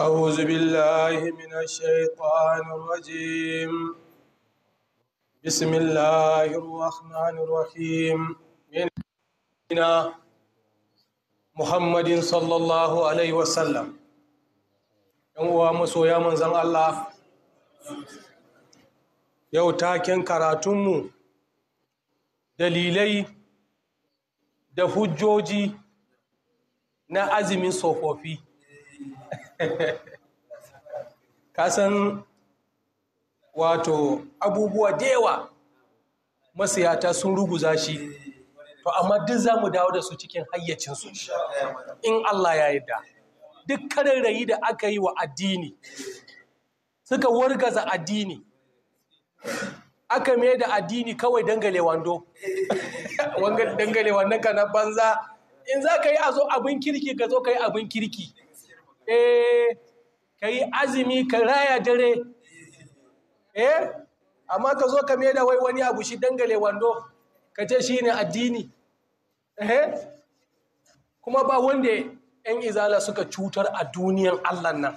أعوذ بالله من الشيطان الرجيم بسم الله الرحمن الرحيم من محمد صلى الله عليه وسلم ‘yan uwa masoya manzan Allah yau taken karatunmu dalilai da hujjoji na azumin tsofaffi ka san wato abubuwa da yawa masiyata sun ruguza shi to amma duk za mu dawo da su cikin hayyacinsu in Allah ya yarda duk rayi da aka yi wa addini suka wargaza addini aka mai da addini kawai dangale wando dangale wannan ka na banza in za ka yi a zo abin kirki ka zo ka yi abin kirki eh ka yi azumi ka raya dare eh amma ka zo ka da wai wani abu shi dangale wando ka ce shi ne addini eh kuma ba wanda 'yan izala suka cutar a duniyan allah nan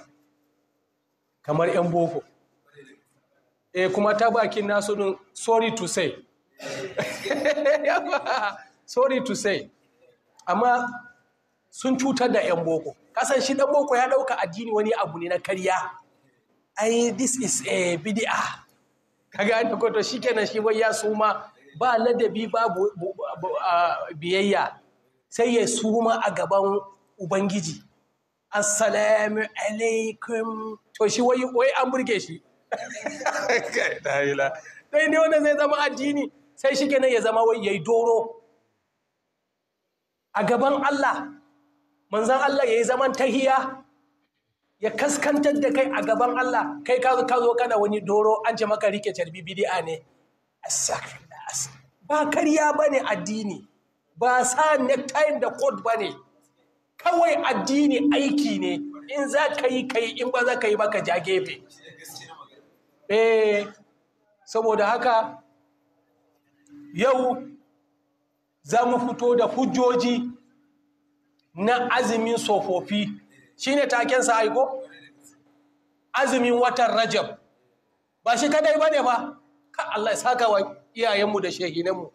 kamar 'yan boko eh kuma ta bakin nasu nun sorry to say sorry to say amma sun cutar da 'yan boko kasan shi dan boko ya dauka addini wani abu ne na kariya. ai this is a bid'ah kaga an ko to shikenan shi wai ya suma ba ladabi ba biyayya sai ya suma a gaban ubangiji assalamu alaikum to shi wai wai an burge shi dai ne wannan zai zama addini sai shikenan ya zama wai yayi doro a gaban Allah manzan Allah ya yi zaman tahiya ya kaskantar da kai a gaban Allah kai ka zo kana wani doro an ce maka rike carbi bidi'a ne ba karya ba ne addini ba sa necktie da coat ba ne kawai addini aiki ne in za ka yi ka in ba za ka yi baka ja gefe eh saboda haka yau za mu fito da hujjoji na azumin tsofaffi shine taken sa aiko azumin watan rajab ba shi kadai ba ne ba ka Allah ya saka wa iyayenmu da shehinanmu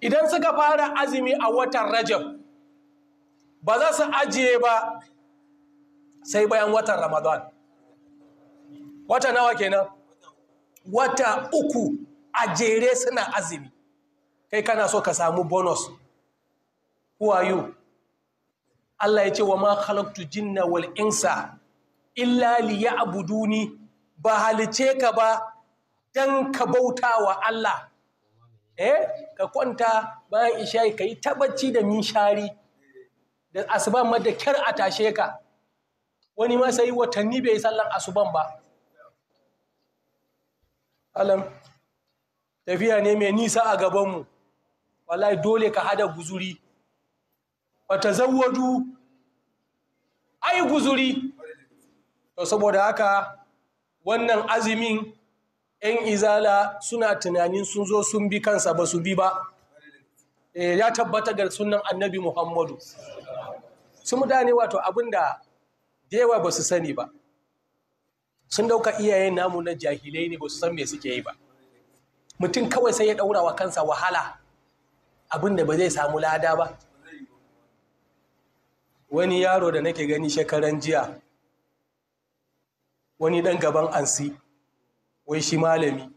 idan suka fara azumi a watan rajab ba za su ajiye ba sai bayan watan ramadan wata nawa kenan wata uku a jere suna azumi kai kana so ka samu bonus who are you Allah ya ce wa ma khalaqtu jinna wal insa illa liya'buduni ba halice ka ba dan ka bauta wa Allah eh ka kwanta bayan isha'i kai tabacci da minshari da asuban ma da kyar a tashe ka wani ma sai watanni bai sallan asuban ba alam tafiya ne mai nisa a gaban mu? wallahi dole ka hada guzuri fatazawwadu ai guzuri to saboda haka wannan azumin ‘yan izala suna tunanin sun zo sun bi kansa ba su bi ba eh, ya tabbata ga sunan annabi muhammadu su mutane wato abinda da yawa ba su sani ba sun dauka iyayen namu na jahilai ne ba su san me suke yi ba mutum kawai sai ya daura wa kansa wahala abinda ba zai samu lada ba wani yaro da nake gani shekaran jiya wani dan gaban ansi wai shi malami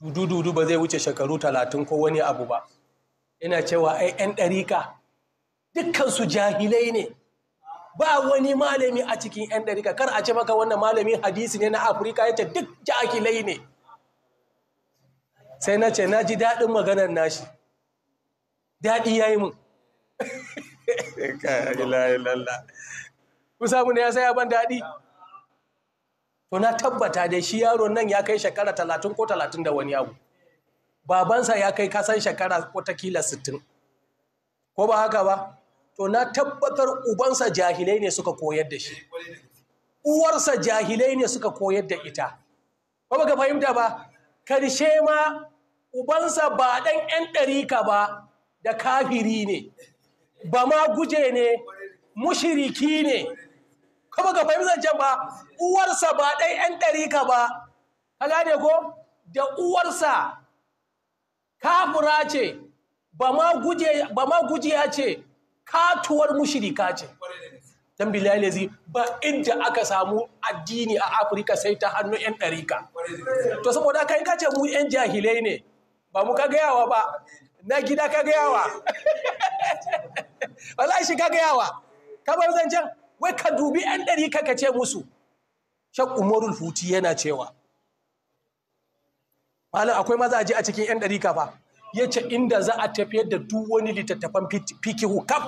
dudu-dudu ba zai wuce shekaru talatin ko wani abu ba yana cewa ai 'yan ɗarika dukkansu jahilai ne ba wani malami a cikin 'yan ɗarika kar a ce maka wannan malami hadisi ne na afirka ya ce duk jahilai ne sai na ce na ji daɗin maganar nashi daɗi ya yi mun kusa mu ne ya saya ban daɗi to na tabbata da shi yaron nan ya kai shekara talatin ko talatin da wani abu babansa ya kai kasan shekara watakila sittin ko ba haka ba to na tabbatar ubansa jahilai ne suka koyar da shi uwarsa jahilai ne suka koyar da ita ba ba ga fahimta ba karshe ma ubansa ba ɗan 'yan ɗarika ba da kafiri ne ba ma guje ne mushiriki ne kuma ga fahimtar can ba uwarsa ba ɗai 'yan ɗarika ba Kala ne ko da uwarsa kafura ce ba ma guje ya ce katuwar mushirika ce dan bilalazi ba inda aka samu addini a afirka sai ta hannu 'yan ɗarika to saboda kai kace mu 'yan jahilai ne ba mu ka gayawa ba na gida ka gayawa wala shi ka gayawa ka bar zancen wai ka dubi yan ɗari ka ce musu shak umarul futi yana cewa malam akwai mazaje a cikin yan ɗari kafa ya ce inda za a tafiyar da duk wani littattafan fiki kaf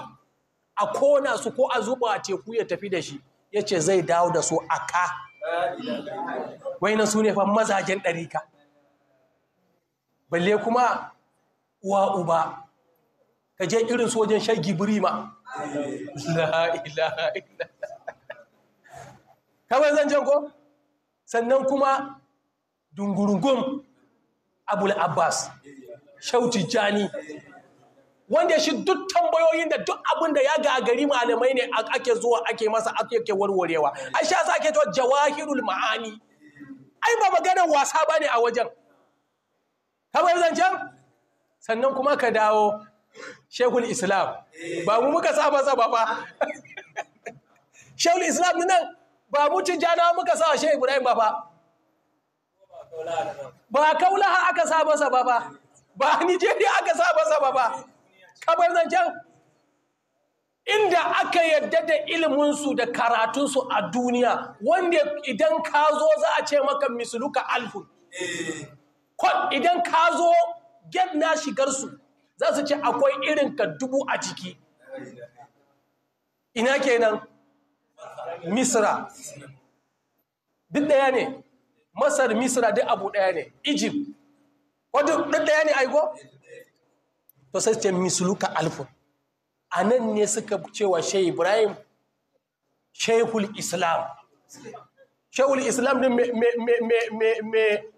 a kona su ko a zuba a teku ya tafi da shi ya ce zai dawo da su a ka wainan su ne fa mazajen ka. balle kuma uwa uba ka je irin sojan shagi birima kawai zan jan ko sannan kuma dungurungun abul abbas shauti jani wanda shi duk tambayoyin da duk abin ya gagari malamai ne ake zuwa ake masa ake warwarewa a sha sa ake tuwa jawahirul ma'ani ai ba maganar wasa ba ne a wajen kamar zancen sannan kuma ka dawo shekul islam ba mu muka saba saba ba shekul islam nan ba mu ci jana muka sa shekul ibrahim ba ba ba kaulaha aka saba saba ba fa ba nigeria aka saba saba ba kabar nan can, inda aka yadda da iliminsu da karatunsu a duniya wanda idan ka zo za a ce maka misluka alfun idan ka zo get na shigarsu za su ce akwai irin ka dubu a ciki ina kenan misra duk daya ne masar misra duk abu daya ne egypt wadda duk daya ne aigo to sai ce misluka alfun a nan ne suka cewa shai ibrahim shaihul islam shehul islam din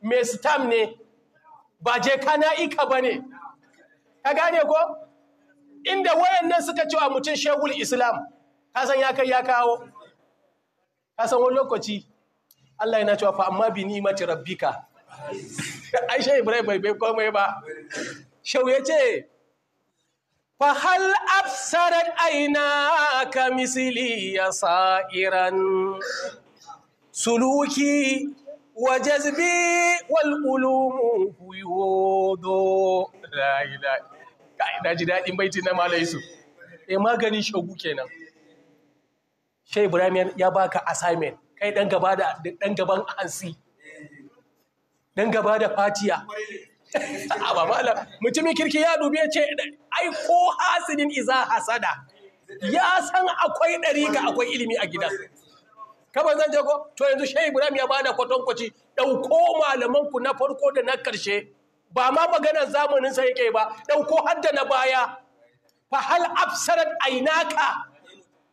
me stam ne ba je kana ika ba ne ka gane ko inda wayannan suka cewa mutum shegul islam ka san ya kai ya kawo ka san wani lokaci Allah yana cewa fa amma bi ni ni'mati rabbika ai ibrahim bai bai komai ba shehu ce. fa hal absarar aina ka misili ya sa'iran suluki وجذبي والقلوم قيود لا اله kai ji daɗin baitin na malai su eh maganin shagu kenan shai ibrahim ya baka assignment kai dan gaba da dan gaban hansi dan gaba da fatiya a ba malam mutumin kirki ya dubi ya ce ai ko hasidin iza hasada ya san akwai ɗarika akwai ilimi a gidan zan je ko? to yanzu shehu ibrahim ya bada kwatankwaci ɗauko malaman ku na farko da na karshe ba ma maganar zamanin sa yake ba ɗauko har da na baya fa hal absarat ainaka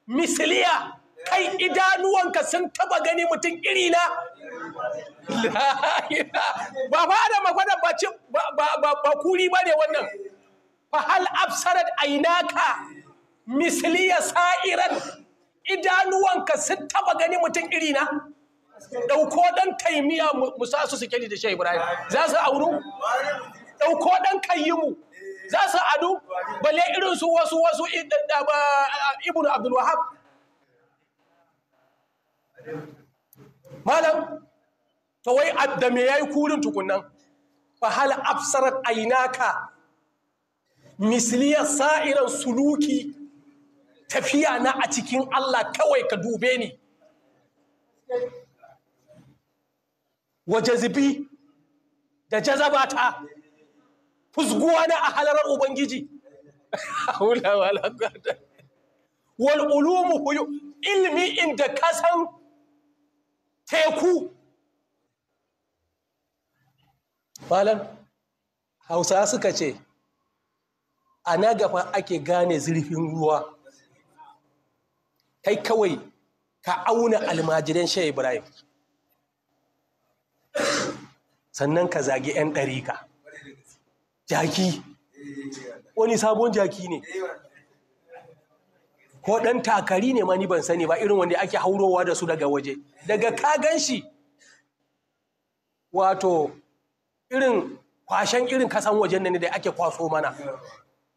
misliya kai idanuwanka sun taba gani mutum iri na ba ba da magana ba ba kuri ba ne wannan fa hal absarat ainaka misliya sa'iran idanuwanka sun taba gani mutum iri na Ɗauko dan taimiya mu su suke da shehu ibrahim za su auru Ɗauko dan mu za su adu bale irin su wasu wasu Ibn abdul wahab malam to wai adda me yi kurin tukunnan fa hal absarat aynaka misliya sa'iran suluki tafiya na a cikin Allah kawai ka dube ni wajazibi da jazabata fusguwa na a halarar ubangiji wal ulumu ilmi inda kasan teku malam hausa suka ce a na gaba ake gane zurfin ruwa kai kawai ka auna almajiran shai ibrahim sannan ka zagi 'yan ɗarika jaki wani sabon jaki ne ko ɗan takari ne ma ni ban sani ba irin wanda ake haurowa da su daga waje daga ka gan shi wato irin kwashen irin kasan wajen nan da ake kwaso mana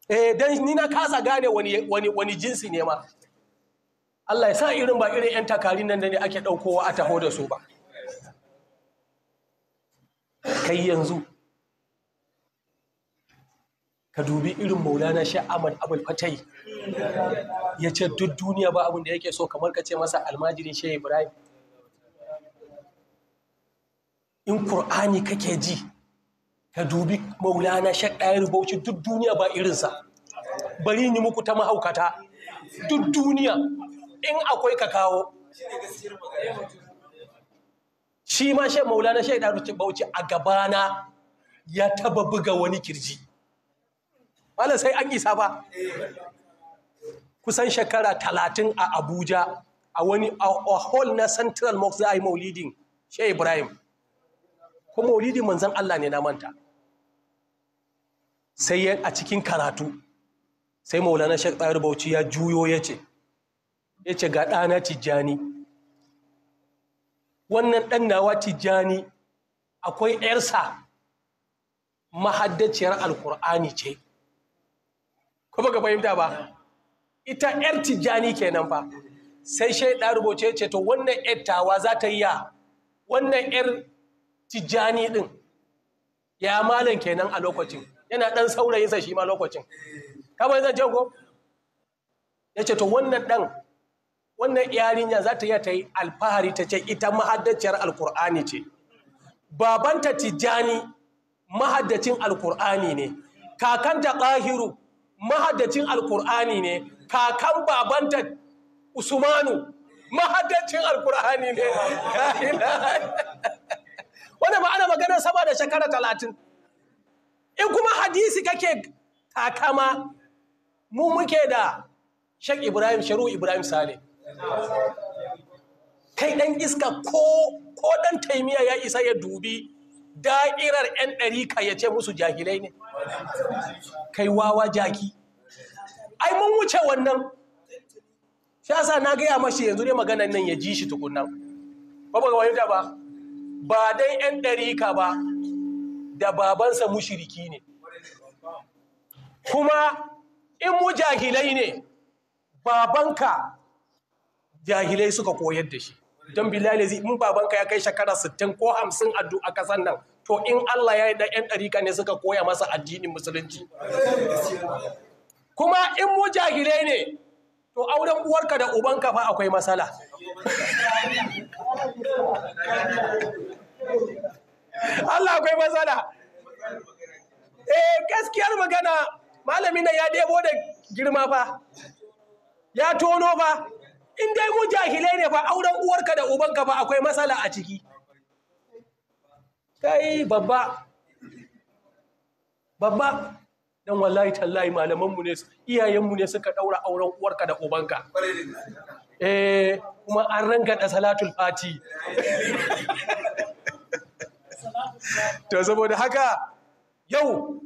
eh dan ni na kasa gane wani jinsi ne ma Allah ya sa irin ba irin 'yan takari nan da ne ake ɗaukowa a taho da su ba kai yanzu ka dubi irin maulana shi ahmad abul fatai ya ce duk duniya ba abin da yake so kamar ka ce masa almajirin shi ibrahim in kur'ani kake ji ka dubi maulana shi ɗaya bauchi duk duniya ba irinsa bari ni muku ta mahaukata duk duniya in akwai ka kawo shi ma shai maulana shai ɗaru bauchi a gabana ya taba buga wani kirji wala sai an isa ba kusan shekara talatin a abuja a wani a hall na central mosque za a yi maulidin shi ibrahim ko maulidin manzan allah ne na manta sai a cikin karatu sai maulana shai ɗaru bauchi ya juyo ya ce ya ce ga ɗana tijjani wannan ɗan nawa tijjani akwai ‘yarsa mahaddaciyar alkur'ani ce kuma ga fahimta ba ita ‘yar tijjani kenan fa sai ɗan rubuce ce to wannan ‘yar za ta yi ya wannan ‘yar tijjani ɗin ya malam kenan a lokacin yana ɗan saurayinsa shi ma lokacin kamar zan ce ko ya ce to wannan ɗan wannan yarinya za ta yi ta yi alfahari ta ce ita mahaddaciyar alkur'ani ce babanta tijjani mahaddacin alkur'ani ne ta ƙahiru mahaddacin alkur'ani ne kakan babanta usmanu mahaddacin alkur'ani ne wanda ba ana sama da shekara talatin in kuma hadisi kake takama mu muke da shek ibrahim sharu ibrahim saleh kai ɗan iska ko ɗan taimiya ya isa ya dubi da'irar 'yan ɗarika ya ce musu jahilai ne kai wawa jaki ai mun wuce wannan shasa na gaya mashi yanzu ne maganan nan ya ji shi tukunan ba ba wani ba ba dai 'yan ɗarika ba da babansa mushiriki ne kuma in mu jahilai ne babanka jahilai suka koyar da shi don bilali zai in babanka ya kai shekara sittin ko 50 a kasan nan to in Allah ya yi da yan ɗarika ne suka koya masa addinin musulunci kuma in mu jahilai ne to auren uwarka da ubanka fa akwai matsala Allah akwai matsala eh gaskiyar magana malamin na ya debo da girma fa ya tono fa in dai mu jahilai ne ba, auren uwarka da ubanka ba akwai matsala a ciki kai babba babba dan wallahi tallahi malamanmu ne iyayenmu ne suka ɗaura auren uwarka da ubanka eh kuma an ranka da salatul fati to saboda haka yau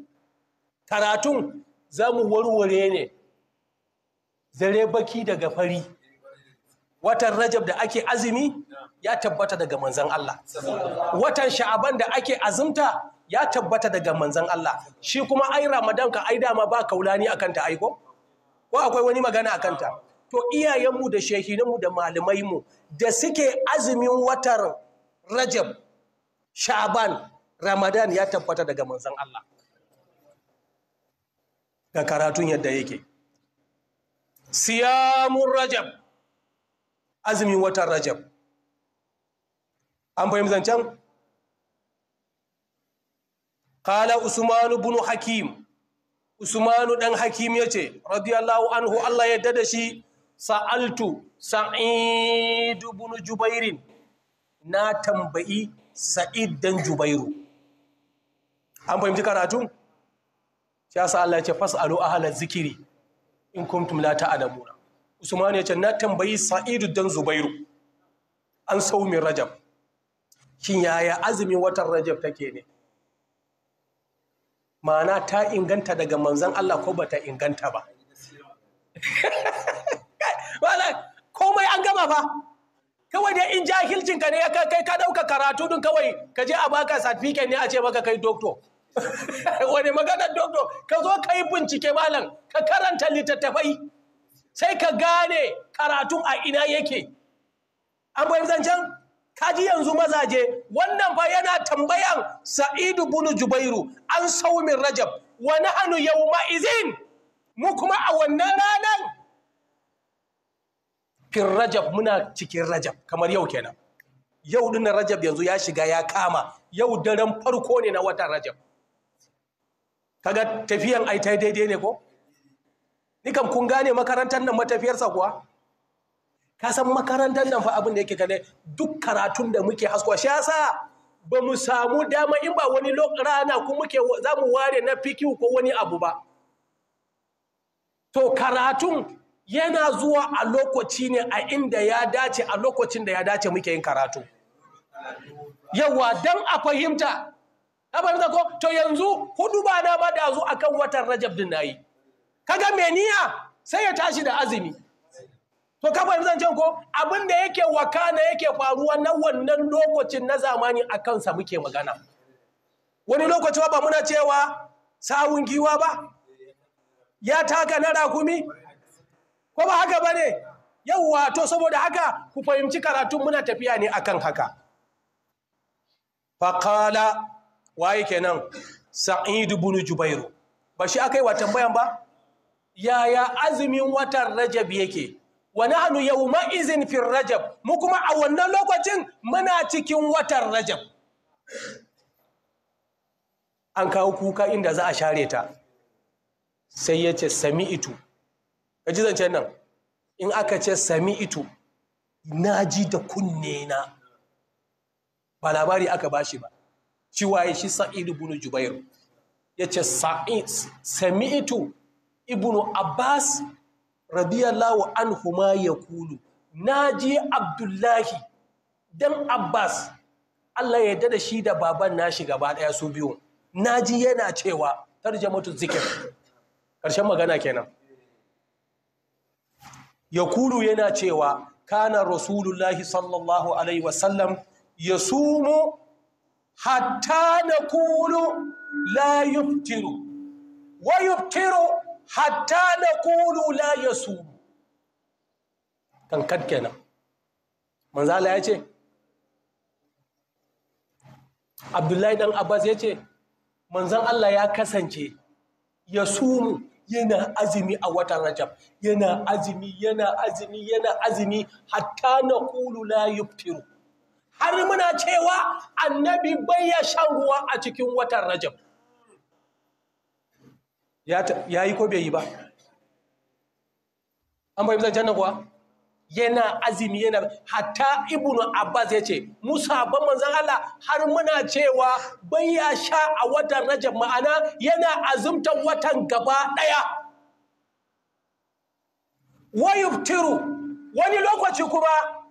karatun zamu warware ne zare baki daga fari watan rajab da ake azumi ya tabbata daga manzan Allah watan sha'aban da ake azumta ya tabbata daga manzan Allah shi kuma ai ramadan ka ai dama ba kaulani akan ta aiko ko akwai wani magana akan ta to iyayenmu da shehinanmu da malamaimu da suke azumin watan rajab sha'aban ramadan ya tabbata daga manzan Allah ga karatun yadda yake siyamun rajab azumin watan rajab an fahimci can kala usmanu bin hakim usmanu dan hakim ya ce, radiyallahu anhu Allah ya dada shi sa'altu Sa'idu bin jubairin na tambayi sa'id dan jubairu an fahimci karatu shi sa Allah ya ce fasalu ahla zikiri in kuntum la ta'lamuna usman ya ce na tambayi sa'idu dan zubairu an saumin rajab shin yaya azumin watan rajab take ne ma'ana ta inganta daga manzan Allah ko bata inganta ba komai an gama fa. kawai dai in jahilcinka ne ya kai ka dauka karatu din kawai ka je a baka certificate ne a ce baka kai doctor wani maganar doctor ka zo ka yi bincike malam ka karanta littattafai sai ka gane karatun a ina yake an bayan zancen kaji yanzu mazaje wannan fa yana tambayan sa'idu bunu jubairu an saumin rajab wani hannu yau izin? mu kuma a wannan ranar fin rajab muna cikin rajab kamar yau kenan yau ɗin rajab yanzu ya shiga ya kama yau daren farko ne na watan rajab kaga tafiyan ai ta daidai ne ko nikan kun gane makarantar nan matafiyarsa kuwa ka san makarantar nan fa abin da yake kane duk karatun da muke haskuwa shi yasa ba mu samu dama in ba wani rana ku muke za mu ware na fikiu ko wani abu ba to karatun yana zuwa a lokaci ne a inda ya dace a lokacin da ya dace muke yin karatu yawa dan a fahimta na fahimta ko to yanzu hudu ba na ba da zu akan watan rajab din nayi kaga mai niyya sai ya tashi da azumi to ka fahimci zancen ko abin da yake wakana yake faruwa na wannan lokacin na zamani a kansa muke magana wani lokaci ba muna cewa sawun giwa ba ya taka na rakumi ko ba haka ba ne wato to saboda haka ku fahimci karatun muna tafiya ne akan haka faƙala waye kenan sa'idu bunu jubairu ba shi aka yi wa tambayan ba yaya azumin watan rajab yake wa nahnu yawma izin fir rajab mu kuma a wannan lokacin muna cikin watan rajab an kawo kuka inda za a share ta sai ya ce itu. ka ji nan in aka ce sami'itu na ji da kunne na ba labari aka bashi ba ciwaye shi sa'id ibn jubair ya ce sami'itu ibnu abbas radiyallahu anhuma ya kulu na je abdullahi dan abbas allah ya dada shi da baban nashi gaba daya su biyu na ji yana cewa tarjamatu zikir ƙarshen magana kenan ya kulu yana cewa kana rasulullahi sallallahu alaihi wasallam ya sumo hatta na kulu la yuftiru wa yuftiru hatta na kulu la ya su kankan kenan manzala ya ce abdullahi dan abbas ya ce manzan allah ya kasance ya sumu yana azumi a watan rajab yana azumi yana azumi yana azumi hatta na kulu la yuftiru har muna cewa annabi bai ya shan ruwa a cikin watan rajab ya yi ko bai yi ba an bai zan jannan kuwa yana azumi yana hatta ibnu abbas ya ce musa ban manzan allah har muna cewa bai ya sha a watan rajab ma'ana yana azumtar watan gaba ɗaya wani lokaci kuma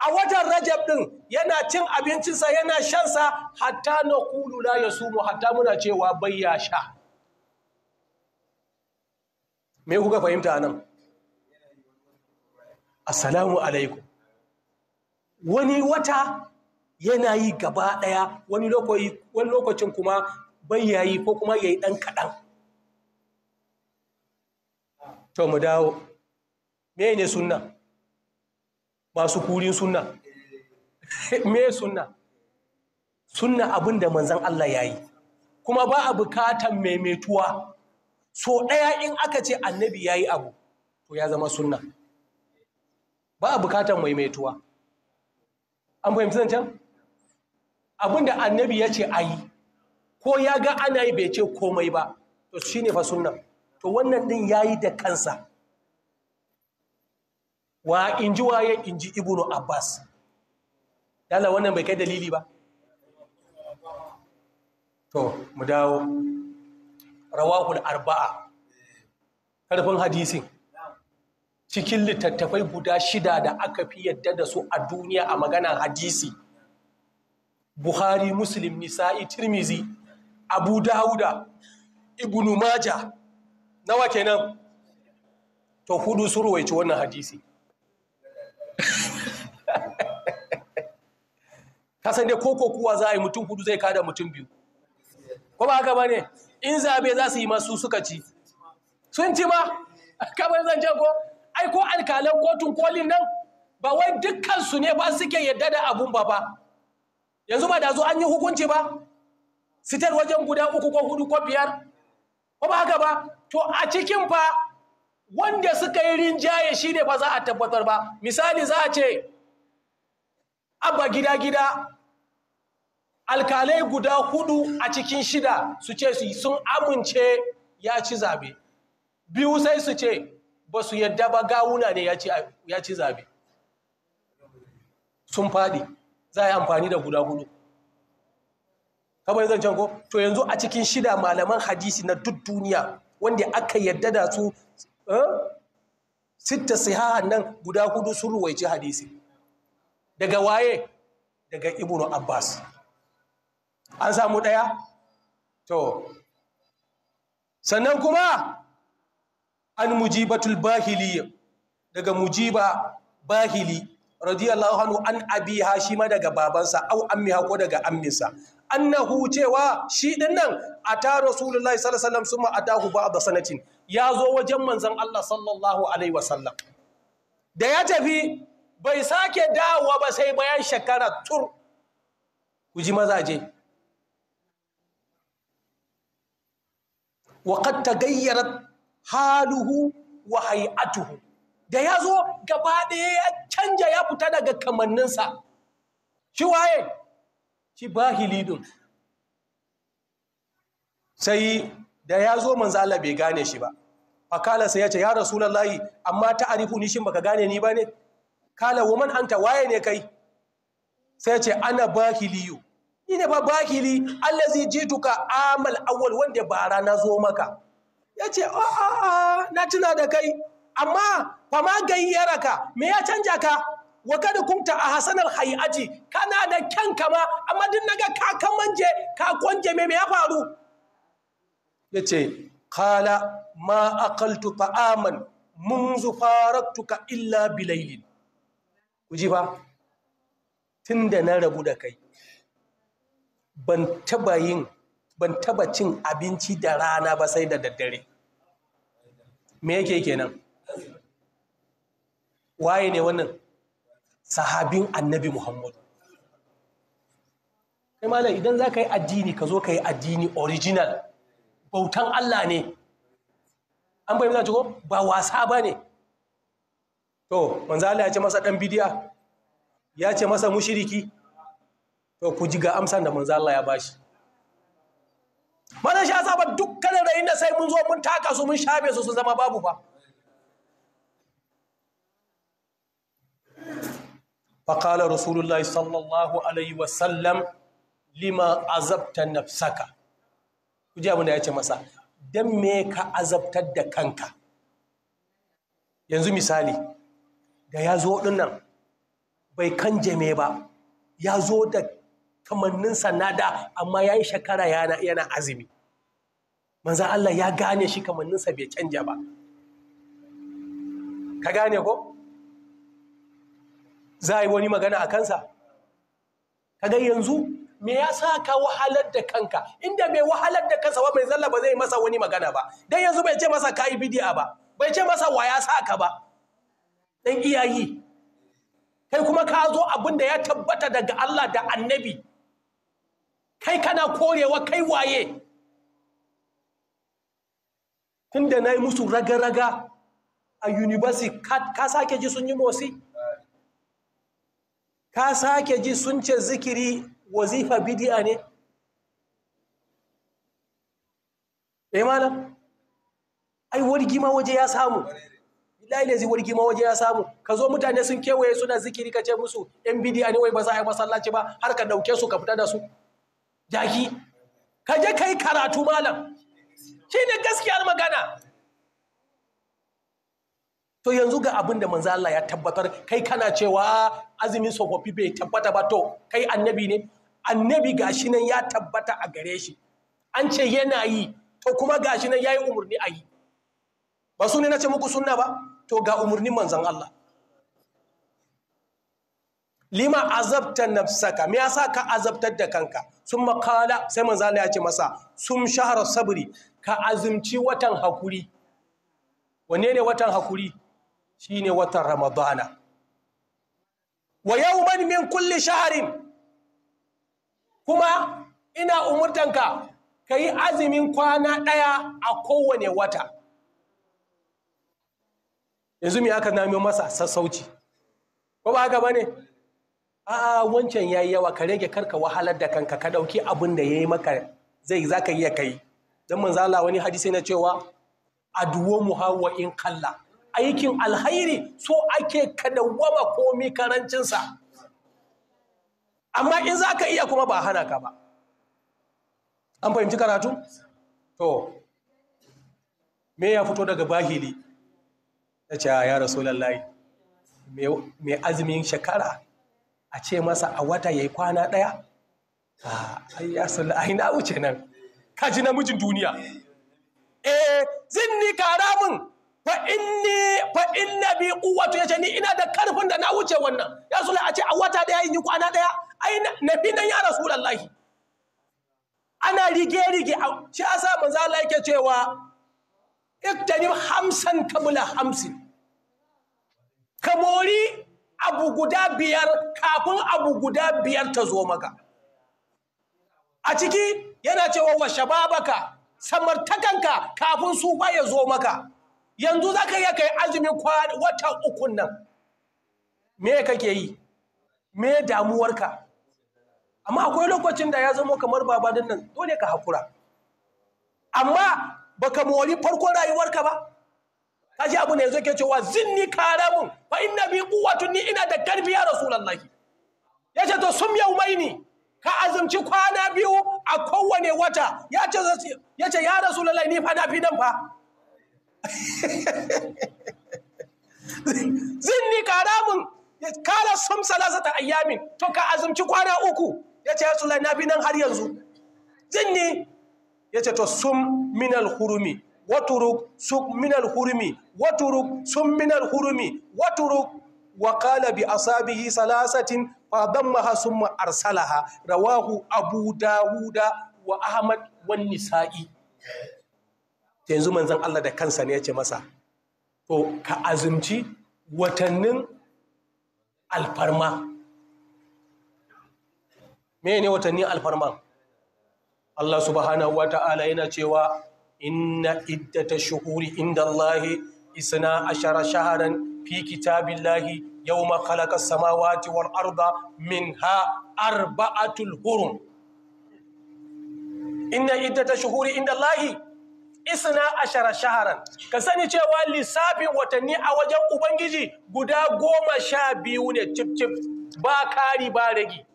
a watan rajab ɗin yana cin abincinsa yana shansa hatta na kulu la ya sumu hatta muna cewa bai ya sha me kuka fahimta nan assalamu alaikum wani wata yana yi gaba ɗaya wani lokacin kuma bai yayi ko kuma yayi ɗan kaɗan to mu dawo me ne sunna masu kurin sunna me sunna sunna abin da manzan Allah ya yi kuma ba a bukatan maimaituwa so ɗaya in aka ce annabi ya yi abu to ya zama sunna ba a bukatar maimaituwa an fahimci zancen abinda annabi ya ce a yi ko ya ga ana yi bai ce komai ba to shi ne fa sunna to wannan ɗin ya yi da kansa wa in ji waye in ji ibnu abbas dala wannan bai kai dalili ba to mu dawo rawahul arba'a karfin hadisin cikin littattafai guda shida da aka fi yadda da su a duniya a maganar hadisi buhari muslim nisa'i tirmizi abu dauda ibnu maja nawa kenan to hudu su ruwaici wannan hadisi kasan dai koko kuwa za a yi mutum hudu zai kada mutum biyu ko ba haka ba ne in zaɓe za su yi masu suka ci sun ci ma kamar zance ko ai ko alkalan kotun kolin nan ba wai dukkansu ne ba suke yadda da abun ba ba yanzu ba da zo an yi hukunci ba sitar wajen guda uku ko hudu ko biyar ko ba haka ba to a cikin fa wanda suka yi rinjaye shi ne ba za a tabbatar ba misali za a ce abba gida gida alkalai guda hudu a cikin shida su ce sun amince ya ci zabe biyu sai su ce ba su yadda ba gawuna ne ya ci zabe sun faɗi za a yi amfani da guda hudu kamar zancen ko to yanzu a cikin shida malaman hadisi na duk duniya wanda aka yadda da su eh, sitta nan guda hudu sun ruwaici hadisi daga waye daga ibnu abbas an samu ɗaya? to sannan kuma an mujibatul bahili daga mujiba bahili radiyallahu anhu an abi hashima daga babansa au ammi hako daga amminsa annahu cewa shi ɗin nan ta rasulullahi sallallahu alaihi a summa ba da sanatin ya zo wajen manzan Allah sallallahu alaihi wasallam da ya tafi bai sake dawowa ba sai bayan shekara tur Ku ji mazaje wa ta tagayyarat haluhu wa hay'atuhu da ya zo gaba ɗaya ya canja ya fita daga kamanninsa shi waye shi bahili din sai da ya zo manzo Allah bai gane shi ba fakala sai ya ce ya rasulullahi amma ta arifu ni shin baka gane ni ba ne? kala woman anta waye ne kai sai ya ce ana bahiliyu ni ne Allah zai ji jituka amal awwal wanda bara na zo maka yace a a a na tuna da kai amma fa ma gayyaraka me ya canja ka wa kada kunta a hasanar hayyaji kana da kyan kama amma duk naga ka kamanje ka kwanje me me ya faru yace qala ma aqaltu ta'aman منذ فارقتك illa بليل kuji ba tunda na rabu da kai ban taba yin ban taba cin abinci da rana ba sai da daddare me yake kenan waye ne wannan sahabin annabi muhammadu kai malam idan za ka yi addini ka zo ka yi addini original bautan allah ne an bayyana ko ba wasa ba ne to manzala ya ce masa dan bidiya ya ce masa mushiriki to ku ji ga amsan da manzo Allah ya bashi manzo sha saba dukkanin da da sai mun zo mun taka su mun shafe su sun zama babu fa فقال رسول sallallahu alaihi الله lima azabta nafsaka ku ji abin da ya ce masa dan me ka azabtar da kanka yanzu misali da ya zo ɗinnan bai kan jeme ba ya zo da kamannin sanada amma ya yi shekara yana azumi manzan Allah ya gane shi kamanninsa bai canja ba ka gane ko za a yi wani magana a kansa Ka kaga yanzu me ya sa ka wahalar da kanka inda mai wahalar da kansa ba mai zalla ba zai masa wani magana ba dan yanzu bai ce masa ka yi bidiya ba bai ce masa wa ya sa ka ba dan iyayi kai kuma ka zo abin da ya tabbata daga Allah da annabi kai kana korewa kai waye tun da na yi musu raga-raga a yunibasi ka sake ji sun yi motsi ka sake ji sun ce zikiri wazifa bidiya ne yi eh, mana ai wargima waje ya samu bilayi zai wargima waje ya samu ka zo mutane sun kewaye suna zikiri ka ce musu yan bidiya ne wai ba za a yi masallaci ba har ka ɗauke su ka fita da su jaki ka je ka yi karatu malam shi ne gaskiyar magana to yanzu ga abin da manzo Allah ya tabbatar kai kana cewa azumin tsofaffi bai tabbata ba to kai annabi ne annabi gashi nan ya tabbata a gare shi an ce yana yi to kuma gashi nan yayi umurni a yi ba su ne na ce muku sunna ba to ga umurnin manzon Allah lima azabta nafsaka me yasa ka azabtar da kanka sun makala sai manzo Allah ya ce masa sun shahara sabri ka azumci watan hakuri Wane ne watan hakuri shine watan ramadana wa yawman min kulli shahrin kuma ina umurtanka ka azumin kwana ɗaya a kowane wata yanzu me aka nami masa sassauci ko ba haka bane a'a wancan ya yi yawa ka rage karka wahalar da kanka ka ɗauki abin da yi maka zai ka iya kai don manzo Allah wani hadisi na cewa aduwo hawa in kalla aikin alhairi so ake ka dawwama komi karancinsa amma in za ka iya kuma ba hana ka ba an fahimci karatu to me ya fito daga bahili ta ce ya rasulullahi me azumin shekara a ce masa a wata ya yi kwana ɗaya ai na wuce nan ka ji namijin duniya eh ni kara min fa inni fa bi quwwatu ni ina da ƙarfin da na wuce wannan ya sula a ce a wata daya yi kwana ɗaya ai fi nan ya rasulullahi ana rige rige shi a manzo Allah yake cewa iktanib hamsan kamula hamsin kamori abu guda biyar kafin abu guda biyar ta zo maka a ciki yana cewa wa shababaka samartakanka kafin su ba ya zo maka yanzu za ka iya kai azumin wata ukun nan me kake yi me damuwarka amma akwai lokacin da ya zama kamar babanin nan dole ka hakura amma baka mori farkon rayuwarka ba kaji abu ne yanzu ke cewa zinni karamun fa inna bi quwwatun ni ina da karfi ya rasulullahi ce to sum yawmaini ka azumci kwana biyu a kowane wata Ya ce ya rasulullahi ni fa na fi dan fa zinni karamun kala sum salasata ayyamin to ka azumci kwana uku ya ya rasulullahi na fi nan har yanzu zinni ya ce to sum minal hurumi waturuk suk minal hurmi waturuk sum minal hurmi waturuk wa qala bi asabihi salasatin fa dammaha summa arsalaha rawahu abu dawuda wa ahmad wan nisa'i yanzu manzon Allah da kansa ne yace masa to ka azumci watannin alfarma mene watannin alfarma Allah subhanahu wa ta'ala yana cewa inna iddata shuhuri inda Allahi isna ashara shaharan fi kitabillahi yawma khalaqa samawati wal arda ha arba'atul hurum inna iddata shuhuri inda Allahi isna ashara shaharan ka sani cewa lissafin watanni a wajen ubangiji guda goma sha biyu ne cif cif ba kari ba ragi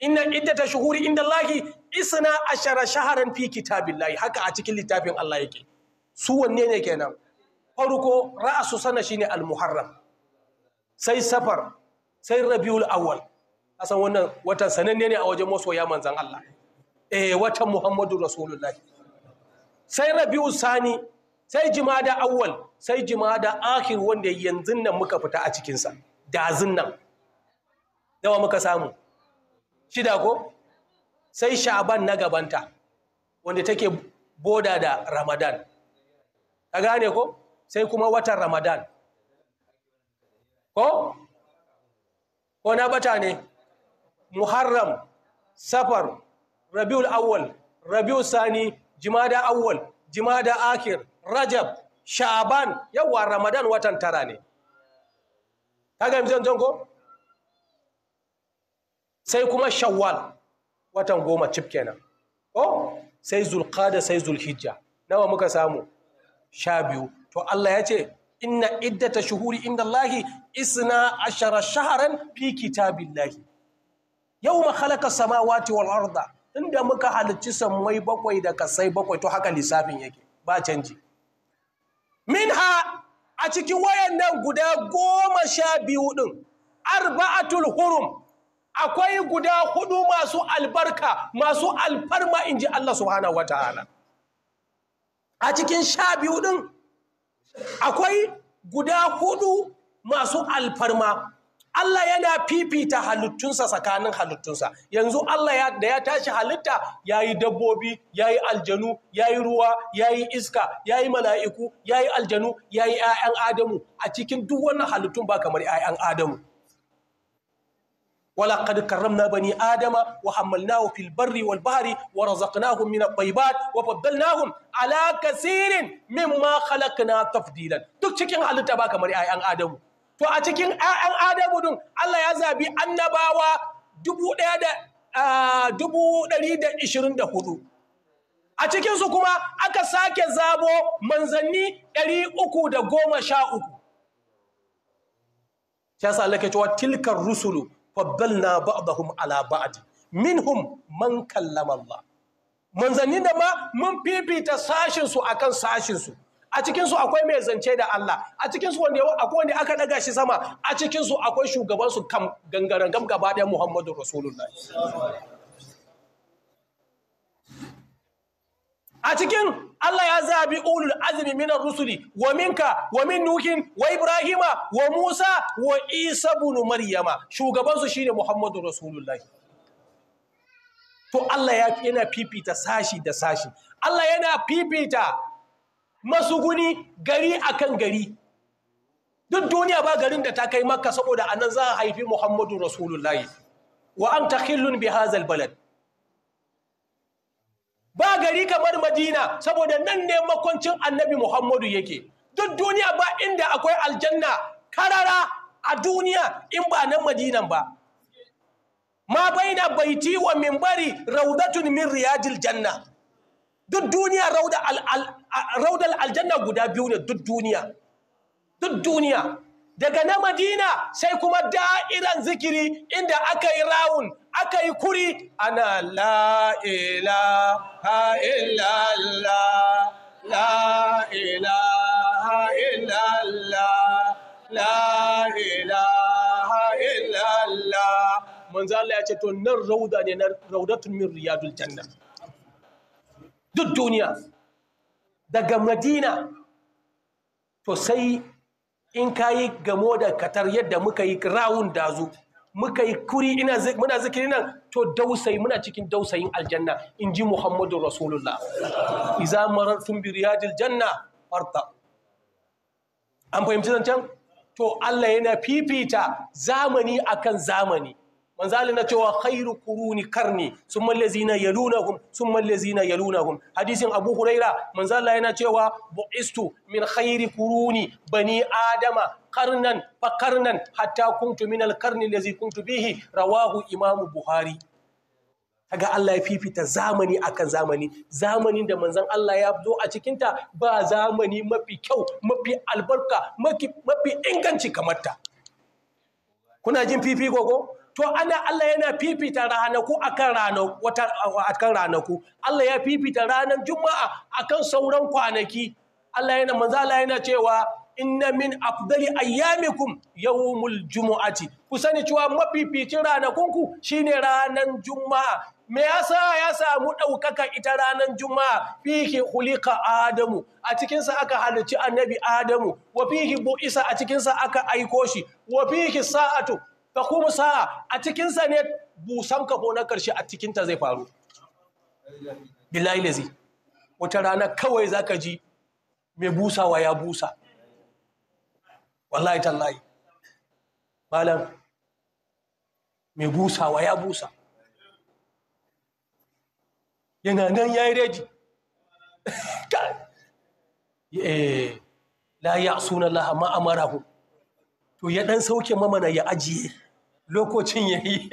inna iddata shuhuri inda Allahi isna ashara shaharan fi kitabillahi haka a cikin littafin Allah yake su wanne ne kenan farko ra'asu sana shine al-muharram sai safar sai rabiul awwal asan wannan watan sananne ne a wajen masoya Manzon Allah eh watan Muhammadu Rasulullahi sai rabiul sani sai jumada awwal sai jumada akhir wanda yanzu nan muka fita a cikinsa da nan dawa muka samu shida ko sai sha'aban na gabanta wanda take boda da ramadan ka gane ko sai kuma watan ramadan ko ko na bata ne muharram safar rabiul awwal rabiul sani jimada awwal jimada akir rajab sha'aban yawa ramadan watan tara ne kaga zan ko sai kuma shawwal watan goma cif kenan ko sai zulqada sai zulhijja nawa muka samu sha biyu to Allah ya ce inna iddata shuhuri inda Allahi isna ashara shaharan fi kitabillahi yau ma halaka samawati wal arda inda muka halicci sammai bakwai da kasai bakwai to haka lissafin yake ba canji minha a cikin wayannan guda goma sha biyu din arba'atul hurum akwai guda hudu masu albarka masu alfarma in ji Allah subhanahu wa ta'ala a cikin sha biyu din akwai guda hudu masu alfarma Allah yana fifita halittunsa tsakanin halittunsa yanzu Allah ya, da ya tashi halitta ya yi dabbobi ya yi aljanu ya yi ruwa ya yi iska ya yi mala'iku ya yi aljanu ya yi ‘ya'yan adamu a cikin duk wannan halittun ba kamar ‘ya'yan adamu ولقد كرمنا بني آدم وحملناه في البر والبحر ورزقناهم من الطيبات وفضلناهم على كثير مما خلقنا تفضيلا duk cikin halitta ba kamar ƴaƴan Adamu to a cikin ƴaƴan Adamu din Allah ya zabi annabawa 1124 a cikin su kuma aka sake zabo manzanni 313 shi yasa Allah ke cewa tilkar rusulu faddalna ba'dahum ala ba'd minhum man kallama Allah manzanni da ma mun fifita sashin su akan sashin su a cikin su akwai mai zance da Allah a cikin su wanda akwai wanda aka daga shi sama a cikin su akwai shugaban su kam gangaren gam gaba da Muhammadu Rasulullahi a cikin Allah ya zabi ulul azumi minar rusuli wa minka wa min nukin, wa ibrahima wa musa wa isa ibn maryama shugaban su shine muhammadu rasulullahi to Allah ya yana fifita sashi da sashi Allah yana fifita masuguni gari akan gari duk duniya ba garin da ta kai makka saboda anan za a haifi muhammadu rasulullahi wa anta khillun bi hadzal balad ba gari kamar madina saboda nan ne makoncin annabi muhammadu yake duk duniya ba inda akwai aljanna karara a duniya in ba nan madinan ba ma baina baiti wa minbari raudatun min riyadil janna duk duniya raudal aljanna guda biyu ne duk duniya duk duniya daga na madina sai kuma da'iran zikiri inda aka yi rawun aka yi kuri ana la'ila ha'ilalla la'ila ha'ilalla la'ila ha'ilalla manzo Allah ya ce to nan rauda ne na raudatun min riyadul janna duk duniya daga madina to sai in ka yi gamo da katar yadda muka yi rawun dazu muka yi kuri muna zikirin nan to dausayi muna cikin dausayin aljanna in ji muhammadu rasulullah iza marartun bi riyadil janna farta an fahimci zancen to allah yana fifita zamani akan zamani manzali na cewa khairu kuruni karni sun sun malle zina ya luna hun hadisin abu huraira manzali yana cewa bu'istu min khairi kuruni bani adama karnan fa karnan hatta kuntu min alkarni allazi kuntu bihi rawahu imamu buhari kaga Allah ya fifita zamani akan zamani zamani da manzan Allah ya zo a cikinta ba zamani mafi kyau mafi albarka mafi inganci kamar ta kuna jin fifi ko to ana Allah yana fifita ranaku akan ranaku akan ranaku Allah ya fifita ranar juma'a akan sauran kwanaki Allah yana manzo Allah yana cewa inna min afdali ayyamikum yawmul jumu'ati ku sani cewa mafificin ranakunku shine ranar juma'a me yasa ya samu ɗaukaka ita ranar juma'a fihi khuliqa adamu a cikinsa aka halarci annabi adamu wa fihi bu'isa a cikinsa aka aiko shi wa fihi sa'atu Ka kuma sa'a a cikinsa ne busan kafo na ƙarshe a cikinta zai faru bilayi lazi wata rana kawai za ka ji mai busawa ya busa wallahi tallahi malam mai busawa ya busa yana nan ya yi reji eh, la ya suna laha ma'amarahu to ya ɗan sauke mamana ya ajiye lokacin ya yi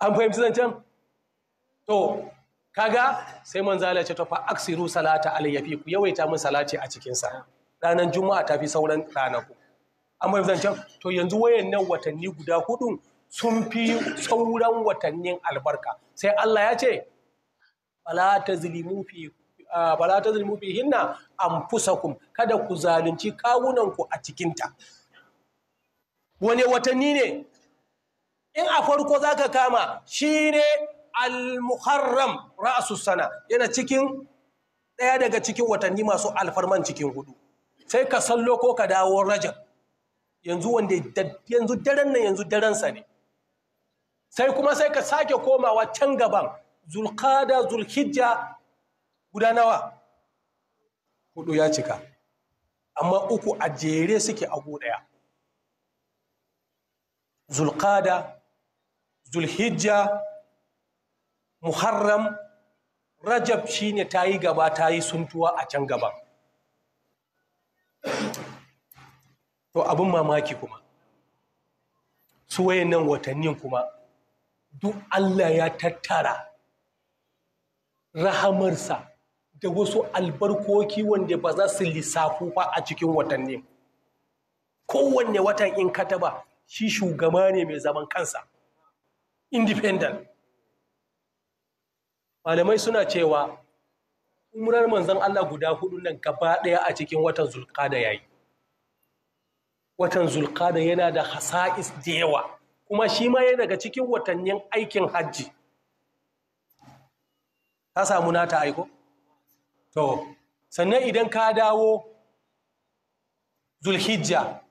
an fahimci zancen to kaga sai manzala ce tafa aksiru salata alayyafi ku yawaita min salati a cikinsa ranar juma'a ta fi sauran ranaku an fahimci zancen to yanzu wayan nan watanni guda hudun sun fi sauran watannin albarka sai allah ya ce bala ta zilimu fi hinna an fusa kada ku zalunci kawunanku a cikinta wane watanni ne in a farko za ka kama shi ne al-muharram ra'asu sana yana cikin ɗaya daga cikin watanni masu alfarman cikin hudu sai ka sallo ko ka dawo rajar. yanzu wanda yanzu daren nan yanzu darensa ne sai kuma sai ka sake komawa can gaban zulkada zulhijja guda nawa hudu ya cika amma uku a jere suke a ɗaya zulqada zulhijja muharram rajab shine ta yi gaba ta yi suntuwa a can gaba to abin mamaki kuma su nan watannin kuma duk allah ya tattara rahamarsa da wasu albarkoki wanda ba za su lissafo ba a cikin watanni kowanne watan in kataba shi shugaba ne mai zaman kansa independent malamai suna cewa umrar manzan Allah guda hudu nan gaba ɗaya a cikin watan zulkada yayi watan zulkada yana da hasa'is da yawa kuma shi ma yana daga cikin watannin aikin hajji ta samu nata aiko to sannan idan ka dawo zulhijja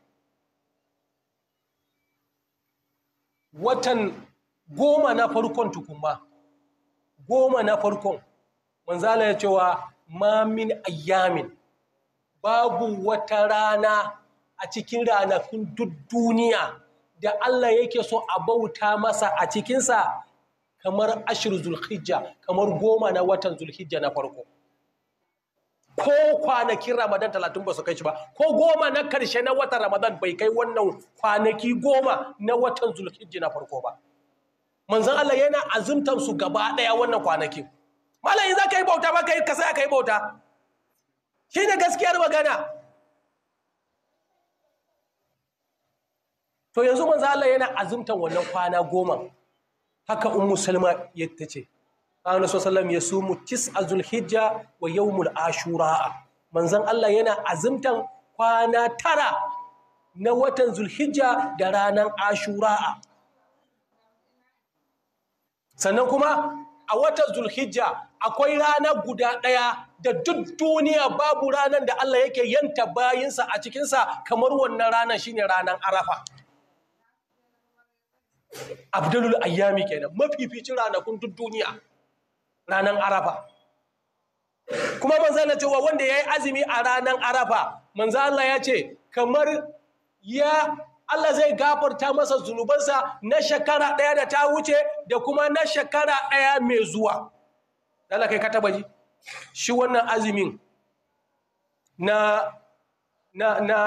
watan goma na farkon tukuma, goma na farkon manzala ya cewa mamin ayyamin babu wata rana a cikin ranakun duk duniya da Allah yake so a bauta masa a cikinsa kamar ashir zulhijja kamar goma na watan zulhijja na farko ko kwanakin ramadan talatin ba su kai shi ba ko goma na karshe na watan ramadan bai kai wannan kwanaki goma na watan zulhijji na farko ba manzan Allah yana azumtar su gaba daya wannan kwanakin malam za ka yi bauta ba ka yi ka ka yi bauta shi ne gaskiyar magana to yanzu manzan Allah yana azumtar wannan kwana goma haka ummu salma yadda ce Ƙanu sallallahu ya sumu tis a zulhijja wa yawmul ashura'a. Manzan Allah yana azimtan kwana tara na watan zulhijja da ranar ashura'a. Sannan kuma a watan zulhijja akwai rana guda ɗaya da duk duniya babu ranar da Allah yake yanta bayinsa a cikinsa kamar wannan ranar shine ranar arafa. Abdulul ayyami kenan mafificin ranakun duk duniya. ranar arafa kuma manzo Allah cewa wanda yayi azumi a ranar arafa manzo Allah ya ce kamar ya Allah zai gafarta masa zunubansa na shekara ɗaya da ta wuce da kuma na shekara ɗaya mai zuwa Allah kai ka taba shi wannan azumin na na na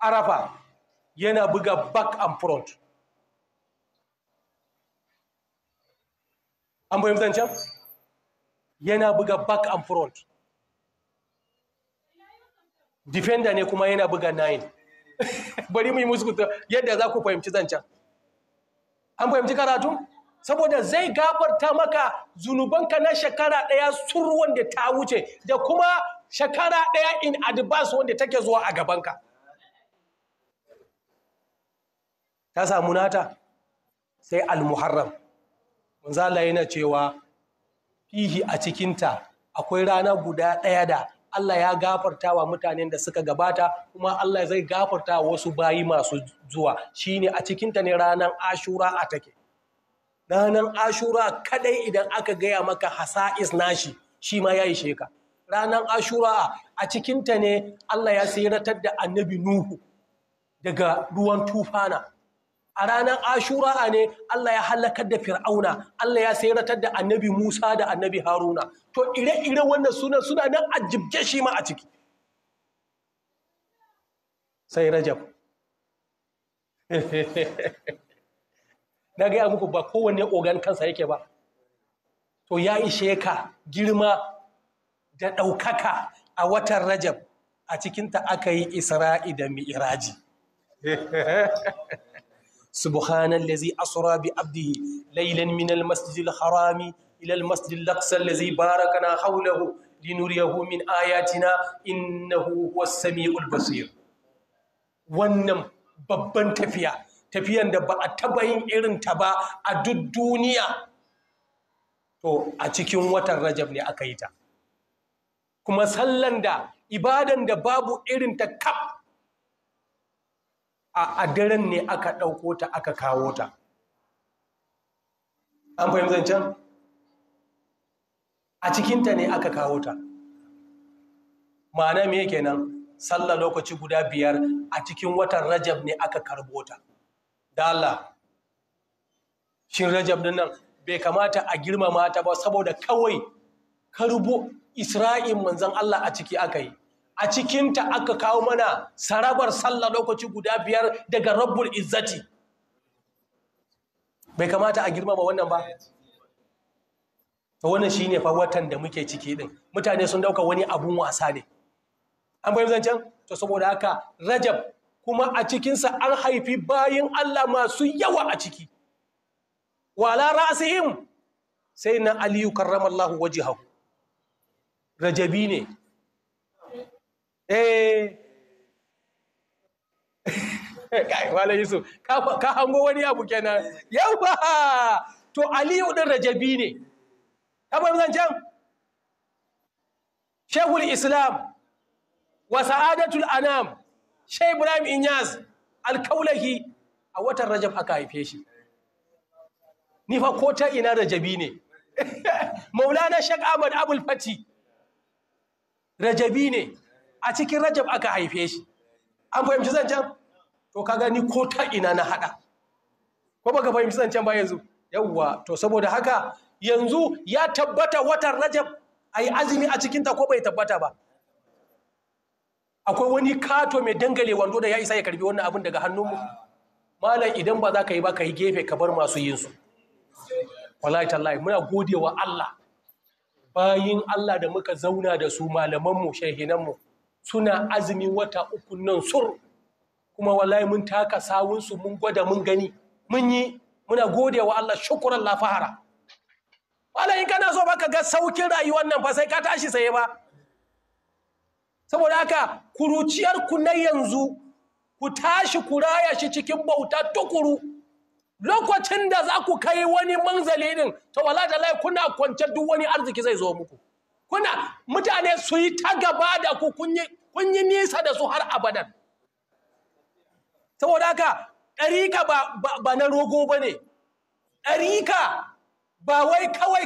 arafa yana buga back and front an bayan can? yana buga back and front defender ne kuma yana buga nine bari mu yi musu yadda za ku fahimci zancen an fahimci karatu saboda zai gafarta maka zunubanka na shekara ɗaya sur wanda ta wuce da kuma shekara ɗaya in advance wanda take zuwa a gabanka ta samu nata sai al-muharram a Allah yana cewa fihi a cikinta akwai rana guda ɗaya da Allah ya gafarta wa mutanen da suka gabata kuma Allah zai gafarta wasu bayi masu zuwa shine a cikinta ne ranar ashura a take ranar ashura kadai idan aka gaya maka hasa'is nashi shi ma ya yi ka ranar ashura a cikinta ne Allah ya siratar da annabi nuhu daga ruwan tufana a ranar ashura ne Allah ya halakar da fir'auna Allah ya sayratar da annabi Musa da annabi Haruna to ire-ire wannan suna, suna nan a jibge shi ma a ciki sai Rajab na gaya muku ba kowanne ogan kansa yake ba to ya ishe ka girma da ɗaukaka a watan Rajab a cikinta aka yi Isra'i da Mi'iraji سبحان الذي أسرى بعبده ليلا من المسجد الحرام إلى المسجد الأقصى الذي باركنا حوله لنريه من آياتنا إنه هو السميع البصير wannan babban tafiya tafiyan da ba a taba yin irin ta ba a duk duniya to a cikin watan rajab ne aka yi ta kuma sallan da ibadan da babu irin ta kaf a daren ne aka ɗauko ta aka kawo ta an fahimta zancen a cikinta ne aka kawo ta ma'ana me kenan sallah lokaci guda biyar a cikin watan rajab ne aka karbo ta da Allah shin rajab din nan bai kamata a girmama ta ba saboda kawai karbo isra'in manzan Allah a ciki aka yi a cikinta aka kawo mana sarabar sallah lokaci guda biyar daga rabbul izzati bai kamata a girmama wannan ba wannan shi ne fa watan da muke ciki din mutane sun dauka wani abun wasa ne an bayan zancen to saboda haka rajab kuma a cikinsa an haifi bayin allah masu yawa a ciki wala ra'asihim sai na aliyu karramallahu wajihahu rajabi ne eh kai wala yusuf ka hango wani abu kenan yawa to aliyu din rajabi ne kamar zan shehul islam wa sa'adatul anam shai ibrahim inyas alkaulahi a watan rajab aka haife shi ni fa ko ta ina rajabi ne maulana shek ahmad abul fati rajabi ne a cikin rajab aka haife shi an fahimci zancen to ka gani ko ta ina na haɗa ko baka fahimci zancen ba yanzu yawwa to saboda haka yanzu ya tabbata watan rajab a yi azumi a cikinta ko bai tabbata ba akwai wani kato mai dangale wando da ya isa ya karbi wannan abin daga hannunmu malam idan ba za ka yi ba ka yi gefe ka bar masu yin su wallahi tallahi muna godewa Allah bayin Allah da muka zauna da su malamanmu shehinanmu suna azumin wata uku nan sur kuma wallahi mun taka sawunsu mun gwada mun gani mun yi muna gode wa Allah shukuran lafahara wala in kana so baka ga saukin rayuwar nan fa sai ka tashi saye ba saboda haka kuruciyar ku na yanzu ku tashi ku raya shi cikin bauta tukuru lokacin da za ku kai wani manzali din to wallahi kuna kwance duk wani arziki zai zo muku kuna mutane su yi ta gaba da ku kun yi nisa da su har abadan saboda haka ɗarika ba na rogo ba ne ɗarika ba wai kawai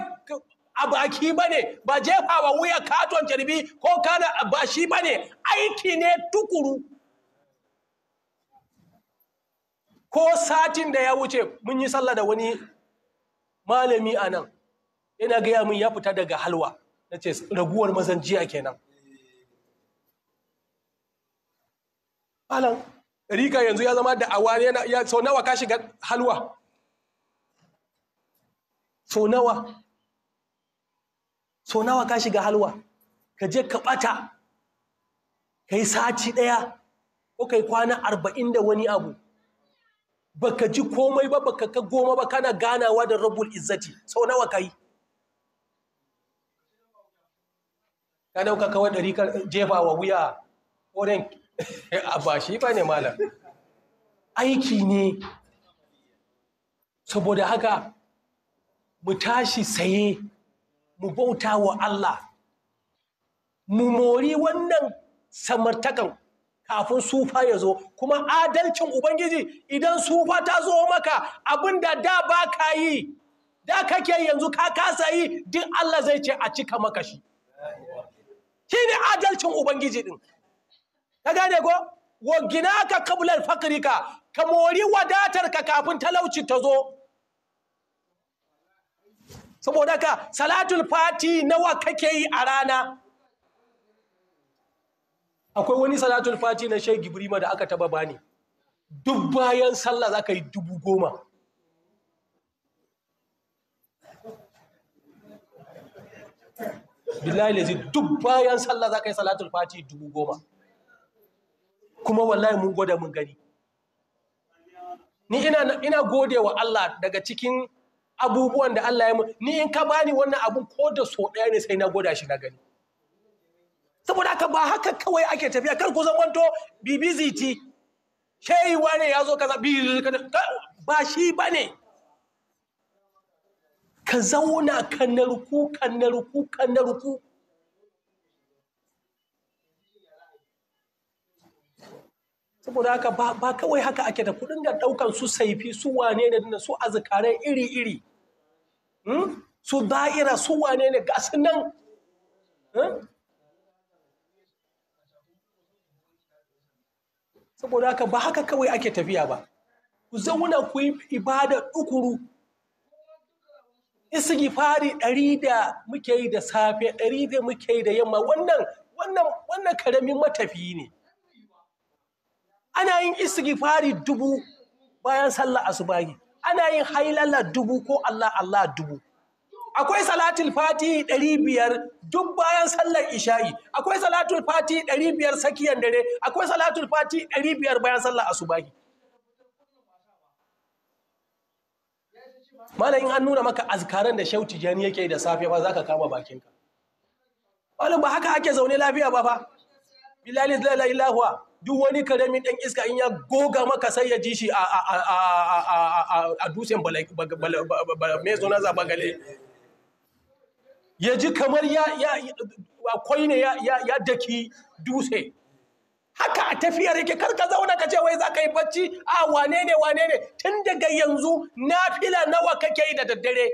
a baki ba ne ba jefawa wuya katon jirbi ko kana ba shi ba ne aiki ne tukuru ko satin da ya wuce mun yi sallah da wani malami a nan yana gaya mun ya fita daga halwa na ce raguwar mazan jiya kenan alan rika yanzu ya zama da awari ya so nawa ka shiga halwa sau nawa so nawa ka shiga halwa ka je ka bata ka yi sati ɗaya ko ka kwana arba'in da wani abu baka ji komai ba baka ka goma ba kana ganawa da rabul izzati sau nawa ka yi ka dauka kawai ɗari ka jefa wa wuya wurin a ba shi ba ne malam aiki ne saboda haka mu tashi saye mu bauta wa Allah mu mori wannan samartakan kafin sufa ya zo kuma adalcin ubangiji idan sufa ta zo maka abin da ba ka yi da kake yanzu ka kasa yi duk Allah zai ce a cika maka shi shi ne adalcin ubangiji ɗin ka gane ko wa ka kabular fakrika ka mori wadatar ka kafin talauci ta zo saboda ka salatul fati nawa kake yi a rana akwai wani salatul fati na shai gibrima da aka taba bani duk bayan sallah za ka yi dubu goma billahi lazi duk bayan sallah za ka yi salatul fati dubu goma kuma wallahi mun gwada mun gani ni ina, gode wa Allah daga cikin abubuwan da Allah ya mun ni in ka bani wannan abun ko da so ɗaya ne sai na gwada shi na gani saboda haka ba haka kawai ake tafiya kar ku kwanto bibiziti. shehi wane ya zo kaza ba shi ba ne. ka zauna ka narku ka narku ka narku saboda haka ba kawai haka ake da kudin da daukan su saifi su wane ne su azkarai iri-iri hmm? su da'ira su wane ne ga su nan hmm? saboda haka ba haka kawai ake tafiya ba ku zauna ku yi ibada dukuru istighfari ɗari da muke yi da safe ɗari da muke yi da yamma wannan wannan wannan karamin matafi ne ana yin istighfari dubu bayan sallar asubahi ana yin hailala dubu ko Allah Allah dubu akwai salatul fati ɗari biyar duk bayan sallar isha'i akwai salatul fati ɗari biyar tsakiyar dare akwai salatul fati ɗari biyar bayan sallar asubahi in an nuna maka azkaran da shauti jani yake da safe ba za ka kama bakinka malam ba haka ake zaune lafiya ba fa bilali la ilaha duk wani karamin ɗan iska in ya goga maka sai ya ji shi a a a a mai ya ji kamar ya ya kwai ne ya daki dutse haka a tafiyar yake kar ka zauna ka ce wai za ka yi bacci a wane ne wane ne tun daga yanzu na fila nawa kake yi da daddare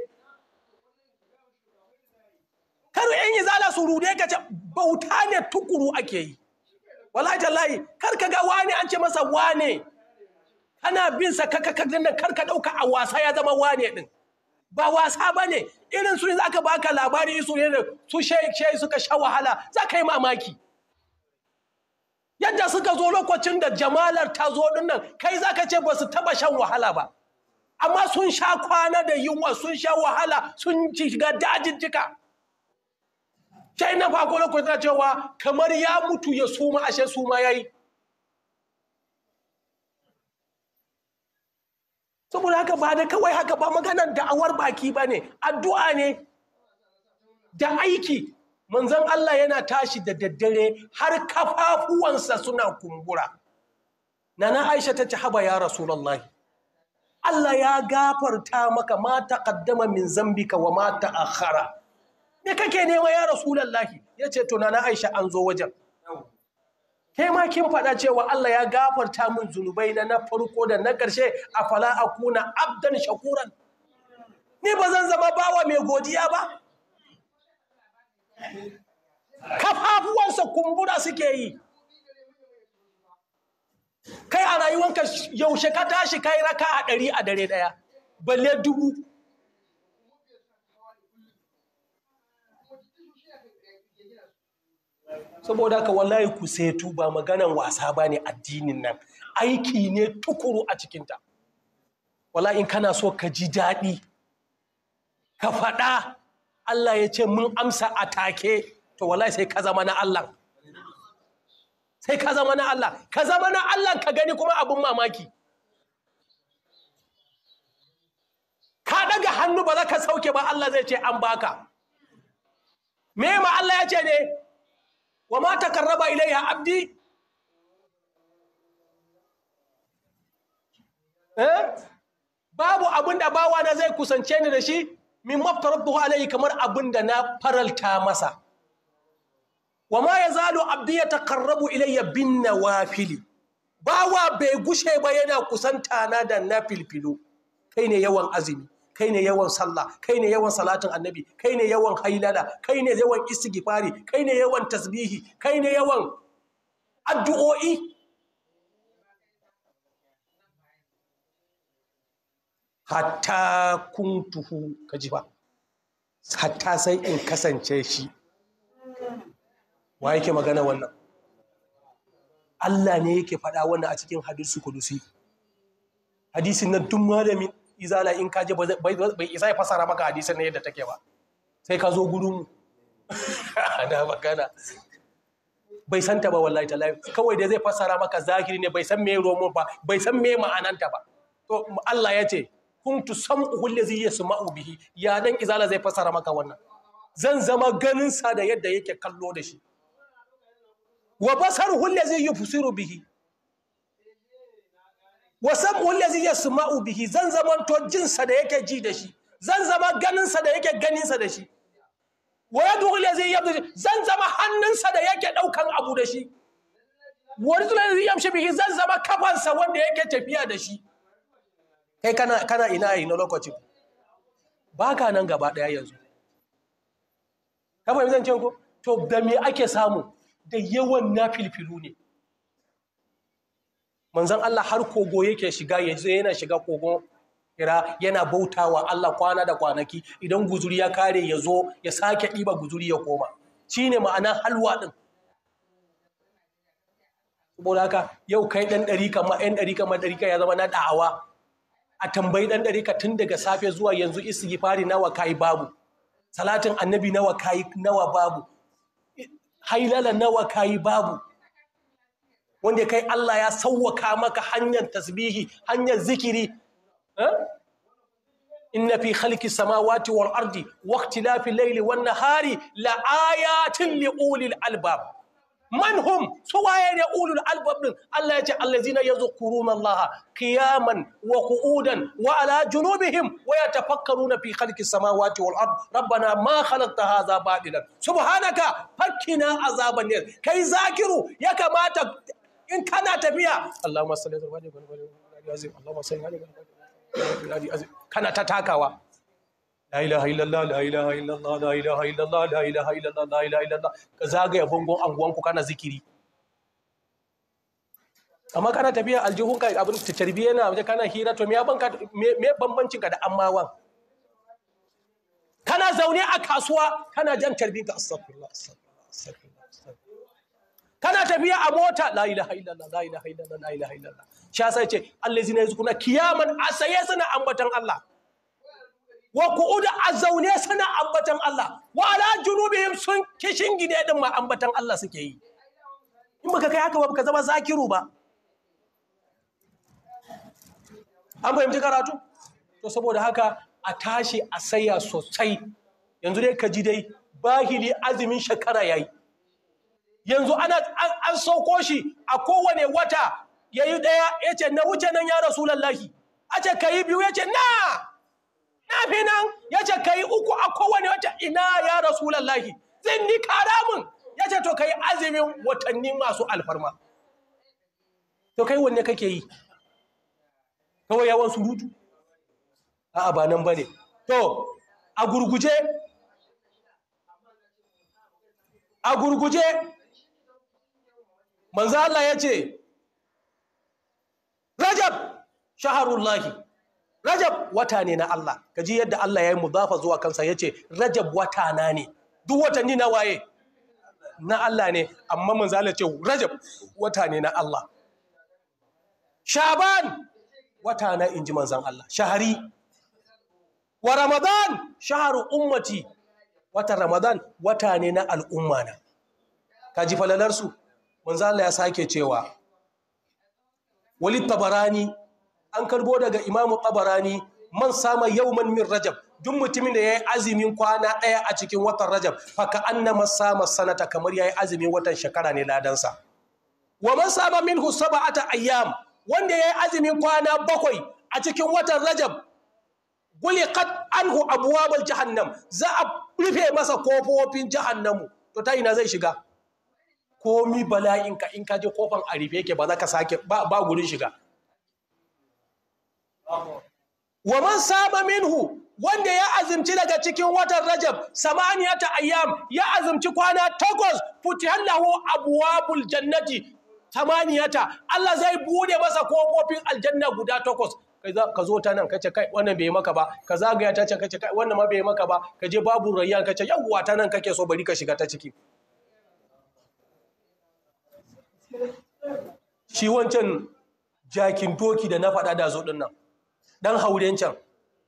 kar yan yi zala su rude ka ce bauta ne tukuru ake yi wallahi tallahi kar ka ga wane an ce masa wane ana bin sa kaka kadan nan kar ka dauka a wasa ya zama wane din ba wasa bane irin su ne zaka baka labari su ne su shei suka sha wahala zaka yi mamaki yadda suka zo lokacin da jamalar ta zo nan kai za ka ce ba su taba shan wahala ba amma sun sha kwana da yunwa sun sha wahala sun shiga jika sai na fako lokacin da cewa kamar ya mutu ya suma ashe suma ya yi saboda haka ba da kawai haka ba maganar da'awar baki ba ne addu'a ne da aiki manzon Allah yana tashi da daddare har kafafuwansa suna kumbura nana Aisha ta ci haba ya rasulullahi Allah ya gafarta maka ma taqaddama min zambika wa ma ta'akhkhara me kake nema ya rasulullahi yace to nana Aisha an zo wajen kai ma kin faɗa cewa Allah ya gafarta min zunubai na na farko da na ƙarshe a fala akuna abdan shakuran ni ba zan zama bawa mai godiya ba kafafuwansa kumbura suke yi kai a rayuwanka yaushe ka tashi kai raka a ɗari a dare ɗaya balle dubu saboda ka wallahi ku setu ba maganan wasa ba ne addinin nan aiki ne tukuru a cikinta wallahi in kana so ka ji daɗi ka faɗa Allah ya ce mun amsa a take to wallahi sai ka zama na Allah sai ka zama na Allah ka zama na Allah ka gani kuma abin mamaki ka daga hannu ba za ka sauke ba Allah zai ce an baka me ma Allah ya ce ne wa ma takarraba ilayya abdi eh babu abin da bawa na zai kusance ni da shi min maftaratuhu alayhi kamar abin da na faralta masa wa ma yazalu abdi yataqarrabu ilayya bin nawafili bawa bai gushe ba yana kusanta na da kai ne yawan azumi kai ne yawan sallah kai ne yawan salatin annabi kai ne yawan hailala kai ne yawan istighfari kai ne yawan tasbihi kai ne yawan addu'o'i hatta kuntuhu kaji ba hatta sai in kasance shi wa yake magana wannan Allah ne yake faɗa wannan a cikin hadisu kudusi hadisin nan tun malamin izala in kaje bai isa ya fasara maka hadisin na yadda take ba sai ka zo gurin da magana bai san ta ba wallahi ta lafi kawai da zai fasara maka zahiri ne bai san me romo ba bai san me ma'ananta ba to Allah ya ce kuntu uhul lazi yasma'u bihi ya dan izala zai fasara maka wannan zan zama ganin sa da yadda yake kallo da shi wa basaruhu lazi yufsiru bihi wa sam'uhu lazi yasma'u bihi zan zama to jin sa da yake ji da shi zan zama ganin sa da yake ganin sa da shi wa yadu lazi yabdu zan zama hannun sa da yake daukan abu da shi wani tunanin yamshi bihi zan zama kafansa wanda yake tafiya da shi kai kana ina a ina lokacin ba ka nan gaba ɗaya yanzu ta fahimci zancen ko to da me ake samu da yawan na filfilu ne manzan Allah har kogo yake shiga yanzu yana shiga kogon kira yana bautawa Allah kwana da kwanaki idan guzuri ya kare ya zo ya sake ɗiba guzuri ya koma shi ne ma'ana halwa ɗin saboda haka yau kai ɗan ɗari kama ɗan ɗari kama ɗari ya zama na da'awa a tambayi ɗan ɗarika tun daga safe zuwa yanzu istighfari nawa kai babu salatin annabi nawa kai nawa babu hailala nawa kayi babu wanda kai Allah ya sauwaka maka hanyar tasbihi hanyar zikiri eh? inna fi khalqi samawati wal ardi wa lafi layli wan nahari la ayatin li ulil albab manhum su waye ne ulul albab din Allah ya ce allazina yazkuruna Allah qiyaman wa qu'udan wa ala junubihim wa yatafakkaruna fi khalqi samawati wal ard rabbana ma khalaqta hadha batilan subhanaka fakkina azaban nar kai zakiru ya kamata in kana tafiya Allahumma salli ala Muhammad wa ala ali Allahumma salli ala wa ala kana ta takawa la ilaha illallah la ilaha illallah la ilaha illallah la ilaha illallah la ilaha illallah ka zagaya bangon anguwanku kana zikiri amma kana tafiya ka abin ta tarbiya na waje kana hira to me bambancin ka da ammawan kana zaune a kasuwa kana jan tarbiyya. astaghfirullah astaghfirullah astaghfirullah kana tafiya a mota la ilaha illallah la ilaha illallah la ilaha illallah shi yasa yace allazina yazkuna kiyaman asaye suna ambatan Allah wa ku'uda a zaune suna ambatan Allah wa ala junubihim sun kishin gine din ma ambatan Allah suke yi in baka kai haka ba baka zama zakiru ba an fahimci karatu to saboda haka a tashi a saya sosai yanzu dai ka ji dai bahili azumin shekara yayi yanzu ana an sauko shi a kowane wata yayi daya yace na wuce nan ya rasulullahi ace kayi biyu yace na na fi nan ya ce ka yi uku a kowane wata ina ya rasu, lallahi zan ni karamin ya ce to ka yi azumin watanni masu alfarma to kai wanne kake yi kawai yawan surutu a'a ba nan ba ne to a gurguje a gurguje manzala ya ce rajab shaharullahi Rajab wata ne na Allah ji yadda Allah ya yi muzafa zuwa kansa ya ce Rajab wata na ne duk watanni na waye na Allah ne amma mun zala ce Rajab wata ne na Allah Shaban wata na inji manzan Allah shahari wa Ramadan shaharu ummati wata Ramadan wata ne na al'umma na ji falalarsu mun zala ya sake cewa Walid Tabarani an karbo daga imamu tabarani man sama man min rajab duk mutumin da ya yi azumin kwana ɗaya a cikin watan rajab faka na sama sanata kamar ya yi azumin watan shekara ne ladansa wa man sama min sab'ata ayyam wanda ya yi azumin kwana bakwai a cikin watan rajab guli kat anhu abuwabal jahannam za a rufe masa kofofin jahannamu to ta ina zai shiga komi bala'inka in ka je kofan a rufe yake ba za ka sake ba gurin shiga wa man saba minhu wanda ya azumci daga cikin watan Rajab samaniyata ayyam ya azumci kwana takwas futihan lahu abwabul jannati samaniyata Allah zai bude masa kofofin aljanna guda takwas ka zo ta nan ka ce kai wannan bai maka ba ka zagaya ta can ka ce kai wannan ma bai maka ba ka je babu rayyan ka ce ta nan kake so bari ka shiga ta ciki shi wancan jakin doki da na faɗa da zo ɗin nan dan hauren can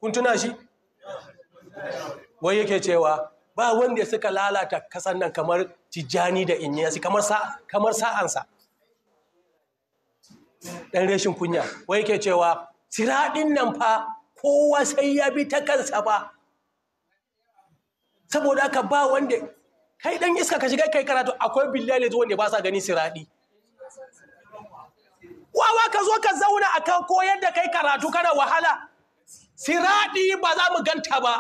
kun tuna shi wai yake cewa ba wanda suka lalata kasan nan kamar tijjani da inyasi kamar sa'ansa dan reshin kunya wai yake cewa Siraɗin nan fa kowa sai ya bi ta kansa ba saboda ka ba wanda kai dan iska ka shiga kai karatu akwai billahi wanda ba sa gani siradi wawa ka zo ka zauna a kan koyar da kai karatu kada wahala siraɗi ba za mu ganta ba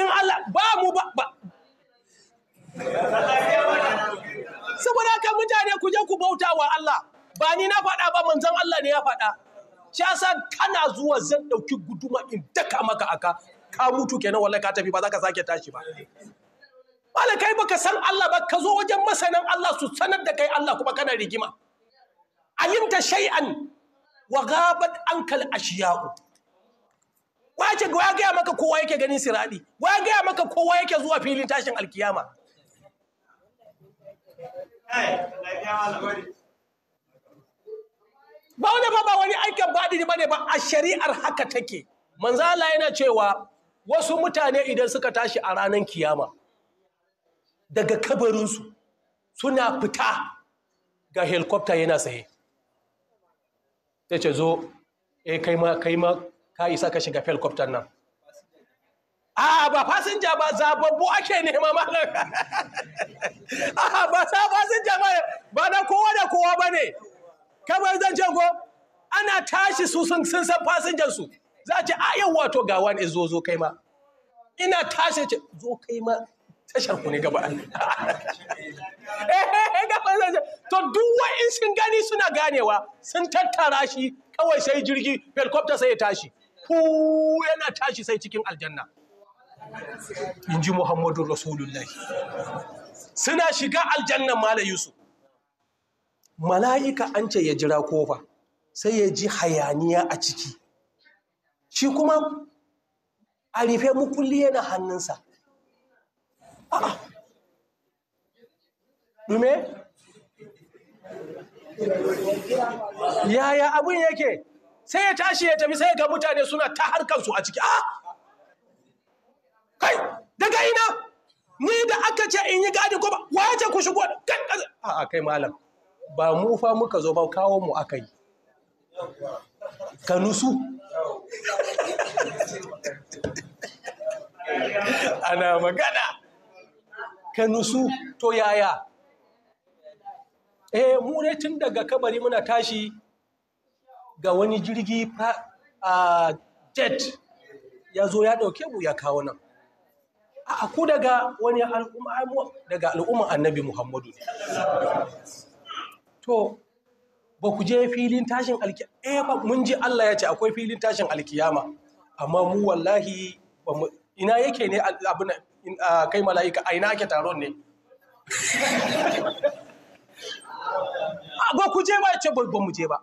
in Allah ba mu ba saboda kan mutane ku je ku bauta wa Allah ba ni na faɗa ba manzon Allah ne ya faɗa shi yasa kana zuwa zan ɗauki guduma in daka maka aka ka mutu kenan wallahi ka tafi ba za ka sake tashi ba kai baka san Allah ba ka zo wajen masanan Allah su sanar da kai Allah kuma kana rigima ayinta shay'an wa ghabat ankal ashiya'u wace ga gaya maka kowa yake ganin siradi wa gaya maka kowa yake zuwa filin tashin alkiyama ba wani ba ba wani aikin baɗi ba ne ba a shari'ar haka take manzala yana cewa wasu mutane idan suka tashi a ranar kiyama daga kabarinsu suna fita ga helikwafta yana saye sai ce zo "E, kai ma kai ma ka isa ka shiga helicopter nan a ba fasinja ba zababbu ake nema malam a ba sa fasinja ba ba na kowa da kowa ba ne kamar zan ce ko ana tashi su sun san fasinjan su za ce a yau wato ga wani zo zo kai ma ina tashi zo kai ma tashar ku ne gaba eh, to duk wa'in sun gani suna ganewa sun tattara shi kawai sai jirgi helicopter sai ya tashi ku yana tashi sai cikin aljanna Inji muhammadu rasulullahi suna shiga aljannan mala yusuf mala'ika an ce ya jira kofa sai ya ji hayaniya a ciki shi kuma a rufe mukulli yana hannunsa dume yaya abin yake sai ya tashi ya tafi sai ga mutane suna ta harkarsu a ciki a ah! kai daga ina ni da aka ce in yi gadi ko ba wace ku shigo kan a kai malam ba mu fa muka zo ba kawo mu aka yi ka nusu ana magana ka nusu to yaya eh mu ne tun daga kabari muna tashi ga wani jirgi a jet ya zo ya ɗauke mu ya kawo nan a ku daga wani al'umma annabi muhammadu ne to ba ku je filin tashin alkiyama eh ba mun ji Allah ya ce akwai filin tashin alkiyama amma mu wallahi ina yake ne abin kai mala'ika a ina taron ne ba ku je ba ce ba mu je ba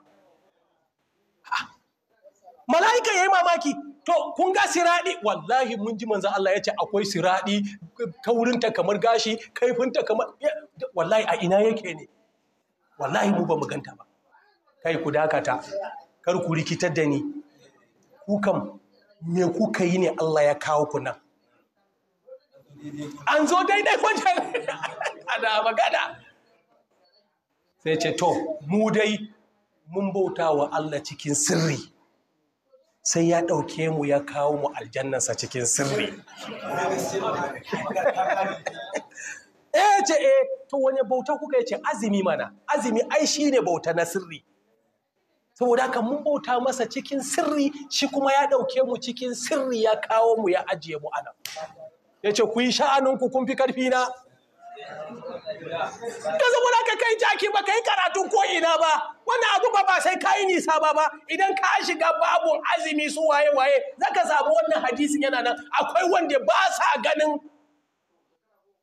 mala'ika ya yi mamaki to kun ga siradi wallahi mun ji manzan Allah ya ce akwai siradi kaurinta kamar gashi kaifinta kamar wallahi a ina yake ne wallahi mu ba mu ganta ba kai ku dakata kar ku rikitar da ni Kukan me kuka yi ne Allah ya kawo ku nan an zo daidai wajen ana magana sai ce to mu dai mun bauta wa Allah cikin sirri sai ya ɗauke mu ya kawo mu aljannansa cikin sirri eh ce eh to wani bauta kuka ya ce azumi mana azumi ai shi ne bauta na sirri saboda haka mun bauta masa cikin sirri shi kuma ya ɗauke mu cikin sirri ya kawo mu ya ajiye mu a nan. ya ce ku yi sha'aninku kun fi karfi na da ka kai jaki ba ka yi karatun koina ina ba wannan abu ba ba sai ka yi nisa ba ba idan ka shiga babu azumi su waye waye zaka samu wannan hadisin yana nan akwai wanda ba sa ganin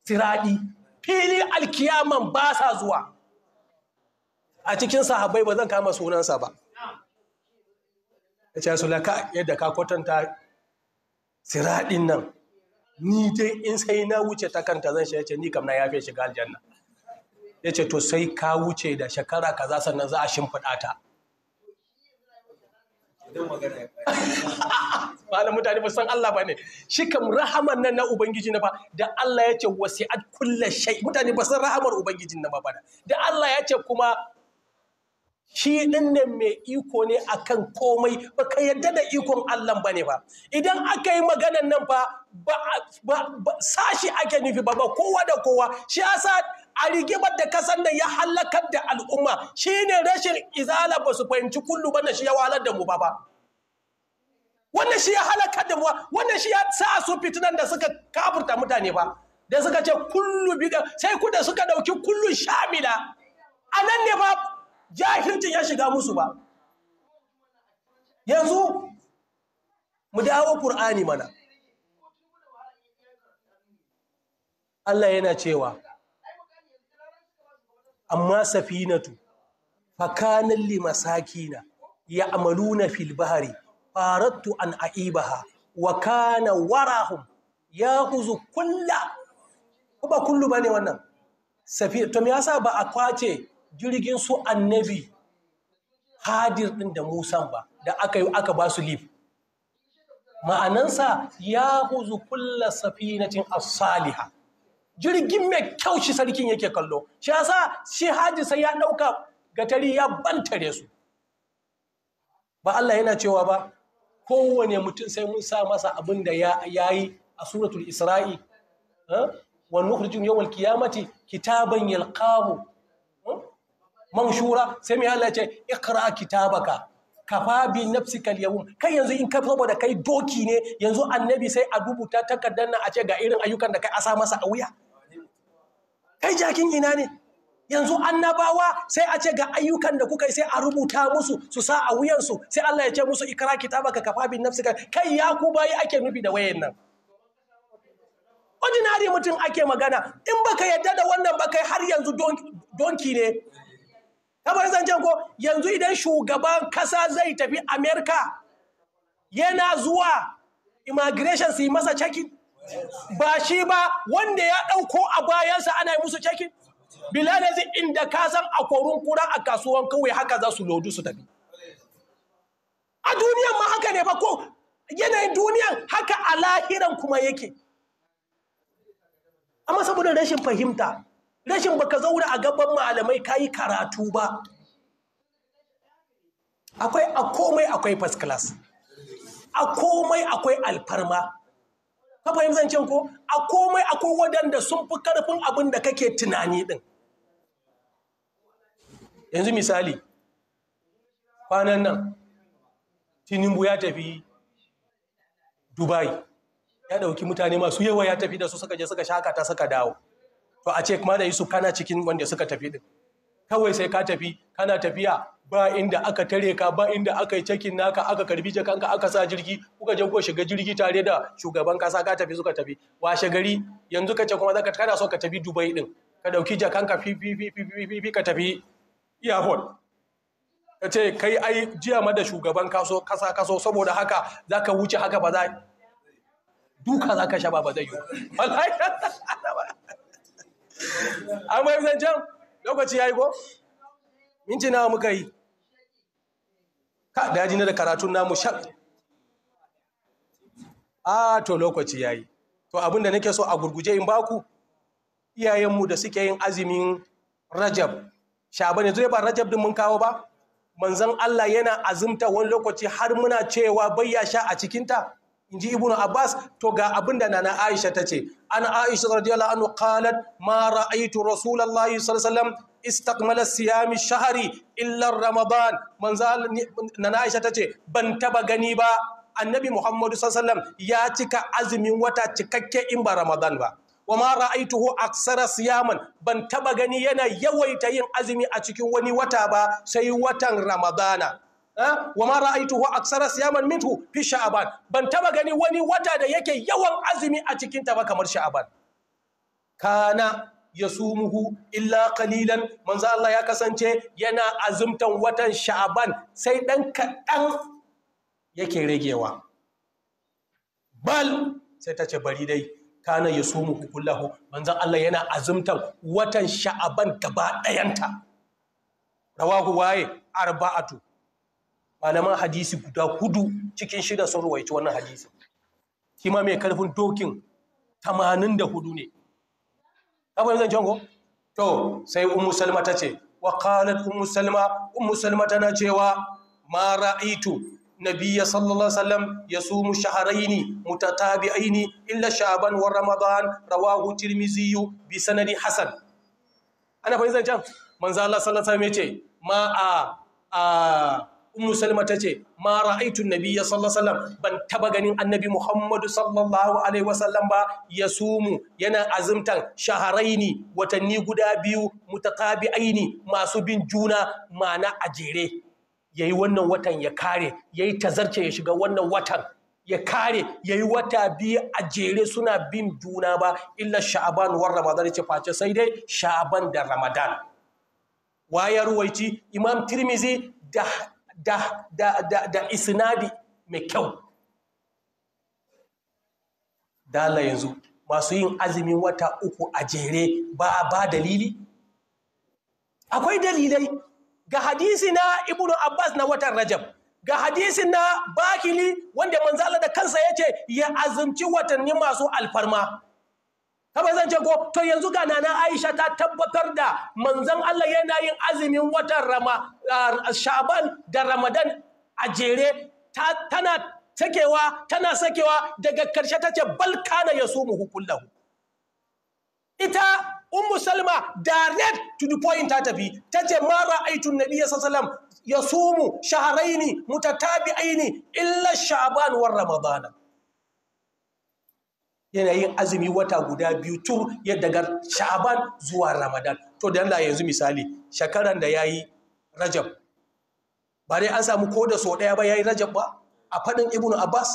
siraɗi fili alkiyaman ba sa zuwa a cikin sahabbai ba zan kama sunansa ba ya ce su laka yadda ka kwatanta siradin nan ni dai in sai na wuce ta kanta zan shi ya ce ni kam na yafe shiga aljanna ya ce to sai ka wuce da shekara ka za sannan za a shimfiɗa ta Malam mutane ba san Allah ba ne. Shi kam rahaman nan na Ubangiji na ba, da Allah ya ce a kulle shai. Mutane ba san rahamar ubangiji na ba ba. Da Allah ya ce kuma shi ɗin ne mai iko ne akan komai ba ka yadda da ikon Allah ba ne ba. Idan aka yi maganan nan fa sa shi ake nufi ba kowa da kowa shi yasa a rigimar da kasan da ya halakar da al'umma shine rashin izala ba su fahimci kullu ba shi ya wahalar da mu ba ba wannan shi ya halakar da mu wannan shi ya sa su fitinan da suka kafurta mutane ba da suka ce kullu biga sai ku da suka dauki kullu shamila a nan ne ba jahilcin ya shiga musu ba yanzu mu dawo qur'ani mana Allah yana cewa amma safinatu fakanan limasakina ya amalu fil bahari faratu an aibaha wa kana warahum ya huzu kulla ba kullu bane wannan safi to me yasa ba a kwace jirgin su annabi hadir din da musan ba da aka yi aka ba su lif ma'anansa ya huzu kulla safinatin as-salihah jirgin mai kyau shi sarkin yake kallo shi yasa shi haji sai ya ɗauka gatari ya bantare su ba Allah yana cewa ba kowane mutum sai mun sa masa abin da ya yi a suratul isra'i wa nukhrijum yawmal qiyamati kitaban yalqahu manshura sai mai Allah ya ce ikra kitabaka kafa bi nafsika yawm kai yanzu in ka saboda kai doki ne yanzu annabi sai a rubuta takardar nan a ce ga irin ayyukan da kai asa masa a wuya kai jakin ina ne yanzu annabawa sai a ce ga ayyukan da kuka yi sai a rubuta musu su sa a wuyansu sai Allah ya ce musu ikra kitabaka kafa bin nafsika kai ya ku bayi ake nufi da wayan nan ordinary mutum ake magana in baka yadda da wannan ba har yanzu donki ne kamar zancen ko yanzu idan shugaban kasa zai tafi america yana zuwa immigration su yi masa checking ba shi ba wanda ya ɗauko a bayansa ana yi musu cekin bilal yanzu inda ka san a korun kura a kasuwan kawai haka za su lodu su tafi a duniyan ma haka ne ba ko yanayin duniyan haka a lahiran kuma yake amma saboda rashin fahimta rashin baka zaura a gaban malamai ka yi karatu ba akwai a komai akwai first class a komai akwai alfarma ka fahimci zancen ko a komai akwai waɗanda sun fi karfin abin da kake tunani ɗin yanzu misali kwanan nan tinubu ya tafi dubai ya ɗauki mutane masu yawa ya tafi da su suka je suka shaka ta suka dawo to a ce kuma da yusuf kana cikin wanda suka tafi ɗin kawai sai ka tafi kana tafiya ba inda aka tare ka ba inda aka yi cakin naka aka karbi jakanka aka sa jirgi kuka je ko shiga jirgi tare da shugaban kasa ka tafi suka tafi washe gari yanzu ka ce kuma zaka kana so ka tafi Dubai din ka dauki jakanka fi fi fi fi fi fi ka tafi airport ka ce kai ai jiya ma da shugaban kaso kasa kaso saboda haka zaka wuce haka ba za duka zaka sha ba zai yi wallahi amma yanzu lokaci yayi ko minti nawa muka yi ka da na da karatun namu shak a to lokaci yayi to abin da nake so a gurguje in baku iyayenmu da suke yin azumin rajab shaban yanzu ne ba rajab din mun kawo ba manzon Allah yana azumta wani lokaci har muna cewa bayya sha a cikinta in ji ibnu abbas to ga abin da nana aisha ta ce an aisha radiyallahu anhu qalat ma ra'aytu rasulullahi sallallahu alaihi wasallam istakmala siyami shahari illar ramadan manzo na Aisha tace ban taba gani ba annabi Muhammadu sallallahu ya cika azumin wata cikakke in ba ramadan ba wama ra'aituhu aksara siyaman ban taba gani yana yawaita yin azumi a cikin wani wata ba sai watan ramadana eh? wama ra'aituhu aksara siyaman minhu fi sha'aban ban taba gani wani wata da yake yawan azumi a cikin ta ba kamar sha'aban kana yasumuhu illa kalilan manzo Allah ya kasance yana azumtan watan sha'aban sai dan kaɗan yake ragewa bal sai ta ce bari dai kana yasumuhu kullahu manzo Allah yana azumtan watan sha'aban gaba ɗayanta rawahu waye arba'atu malaman hadisi guda hudu cikin shida sun ruwaici wannan hadisi shi ma mai karfin dokin 84 ne ka fahimta zancen ko to sai ummu salma ta ce wa qalat ummu salma ummu salma tana cewa ma ra'aitu nabiyya sallallahu alaihi wasallam yasumu shahrayn mutatabi'ain illa sha'ban wa ramadan rawahu tirmidhi bi sanadi hasan ana fahimta zancen manzo Allah sallallahu alaihi wasallam yace ma a a ummu salma ta ce ma ra'aitu nabiyya sallallahu alaihi ban taba ganin annabi muhammadu sallallahu alaihi wasallam ba ya sumu yana shaharai shaharaini watanni guda biyu mutaqabi'aini masu bin juna mana a jere Ya yi wannan watan ya kare ya yayi tazarce ya shiga wannan watan ya kare Ya yi wata biyu a jere suna bin juna ba illa sha'aban war ramadan ce face sai dai sha'aban da ramadan waya ruwaici imam tirmizi da da, da, da, da isinadi mai kyau dala yanzu masu yin azumin wata uku a jere ba a ba dalili akwai dalilai ga hadisi na ibnu abbas na watan rajab ga hadisi na bakili wanda manzala da kansa ya ce ya azumci watanni masu alfarma Haba zan ce ko to yanzu ga nana Aisha ta tabbatar da manzon Allah yana yin azumin watan Rama ah, Sha'ban da Ramadan a jere tana sakewa tana sakewa daga karshe tace bal kana yasumu kullahu ita ummu salma direct to the point ta tafi ta ce ma ra'aitu nabiyya sallallahu alaihi wasallam yasumu shahrayni mutatabi'aini illa sha'ban wa ramadana yana yin azumi wata guda biyu tun yadda ga sha'aban zuwa ramadan to da Allah yanzu misali shekaran da yayi rajab ba dai an samu ko da so daya ba yayi rajab ba a fadin ibnu abbas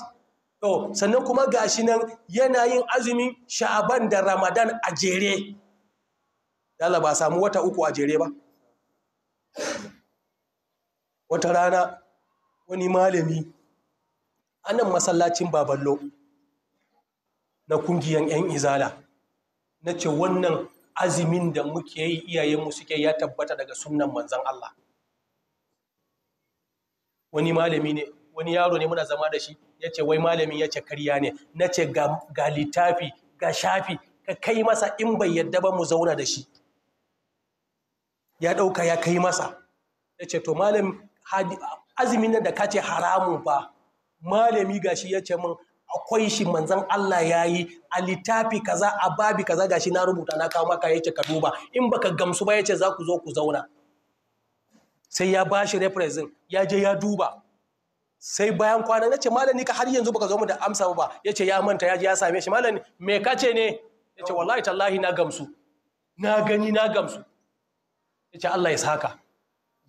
to sannan kuma gashi nan yana yin azumin sha'aban da ramadan a jere Allah ba samu wata uku a jere ba wata rana wani malami anan masallacin baballo na kungiyan 'yan izala na ce wannan azimin da muke yi iyayenmu suke ya tabbata daga sunan manzan Allah wani malami ne wani yaro ne muna zama da shi ya ce wai malamin ya ce karya ne na ce ga littafi ga shafi ka kai masa in bai yadda ba mu zauna da shi ya ɗauka ya kai masa ya ce to malam azimin da ka ce haramun ba malami gashi ya ce min akwai shi manzan Allah ya yi a littafi kaza a babi kaza gashi na rubuta na kawo maka yace ka duba in baka gamsu ba yace za ku zo ku zauna sai ya ba shi referencing ya je ya duba sai bayan kwana nace malami ka har yanzu baka zo mu da amsa ba yace ya manta ya je ya same shi malami me kace ne yace wallahi tallahi na gamsu na gani na gamsu yace Allah ya saka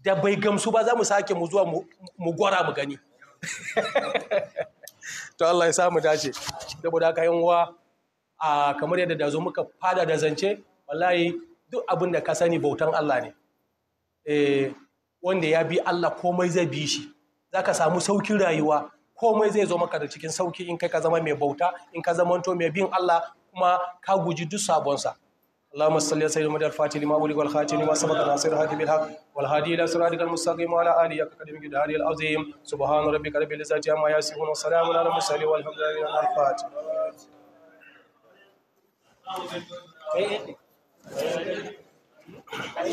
da bai gamsu ba za mu sake mu zuwa mu gwara mu gani to Allah ya samu dace saboda ka yan uwa a kamar yadda da zo muka fada da zance wallahi duk abin da ka sani bautan Allah ne eh wanda ya bi Allah komai zai bi shi zaka samu saukin rayuwa komai zai zo maka da cikin sauki in kai ka zama mai bauta in ka zama to mai bin Allah kuma ka guji duk sabonsa اللهم صل على سيدنا محمد الفاتح لما أولي والخاتم لما سبق ناصر الحق بالحق والهادي إلى صراطك المستقيم وعلى آله كقدمك الهادي العظيم سبحان ربك رب العزة عما يصفون وسلام على المرسلين والحمد لله الفاتح Thank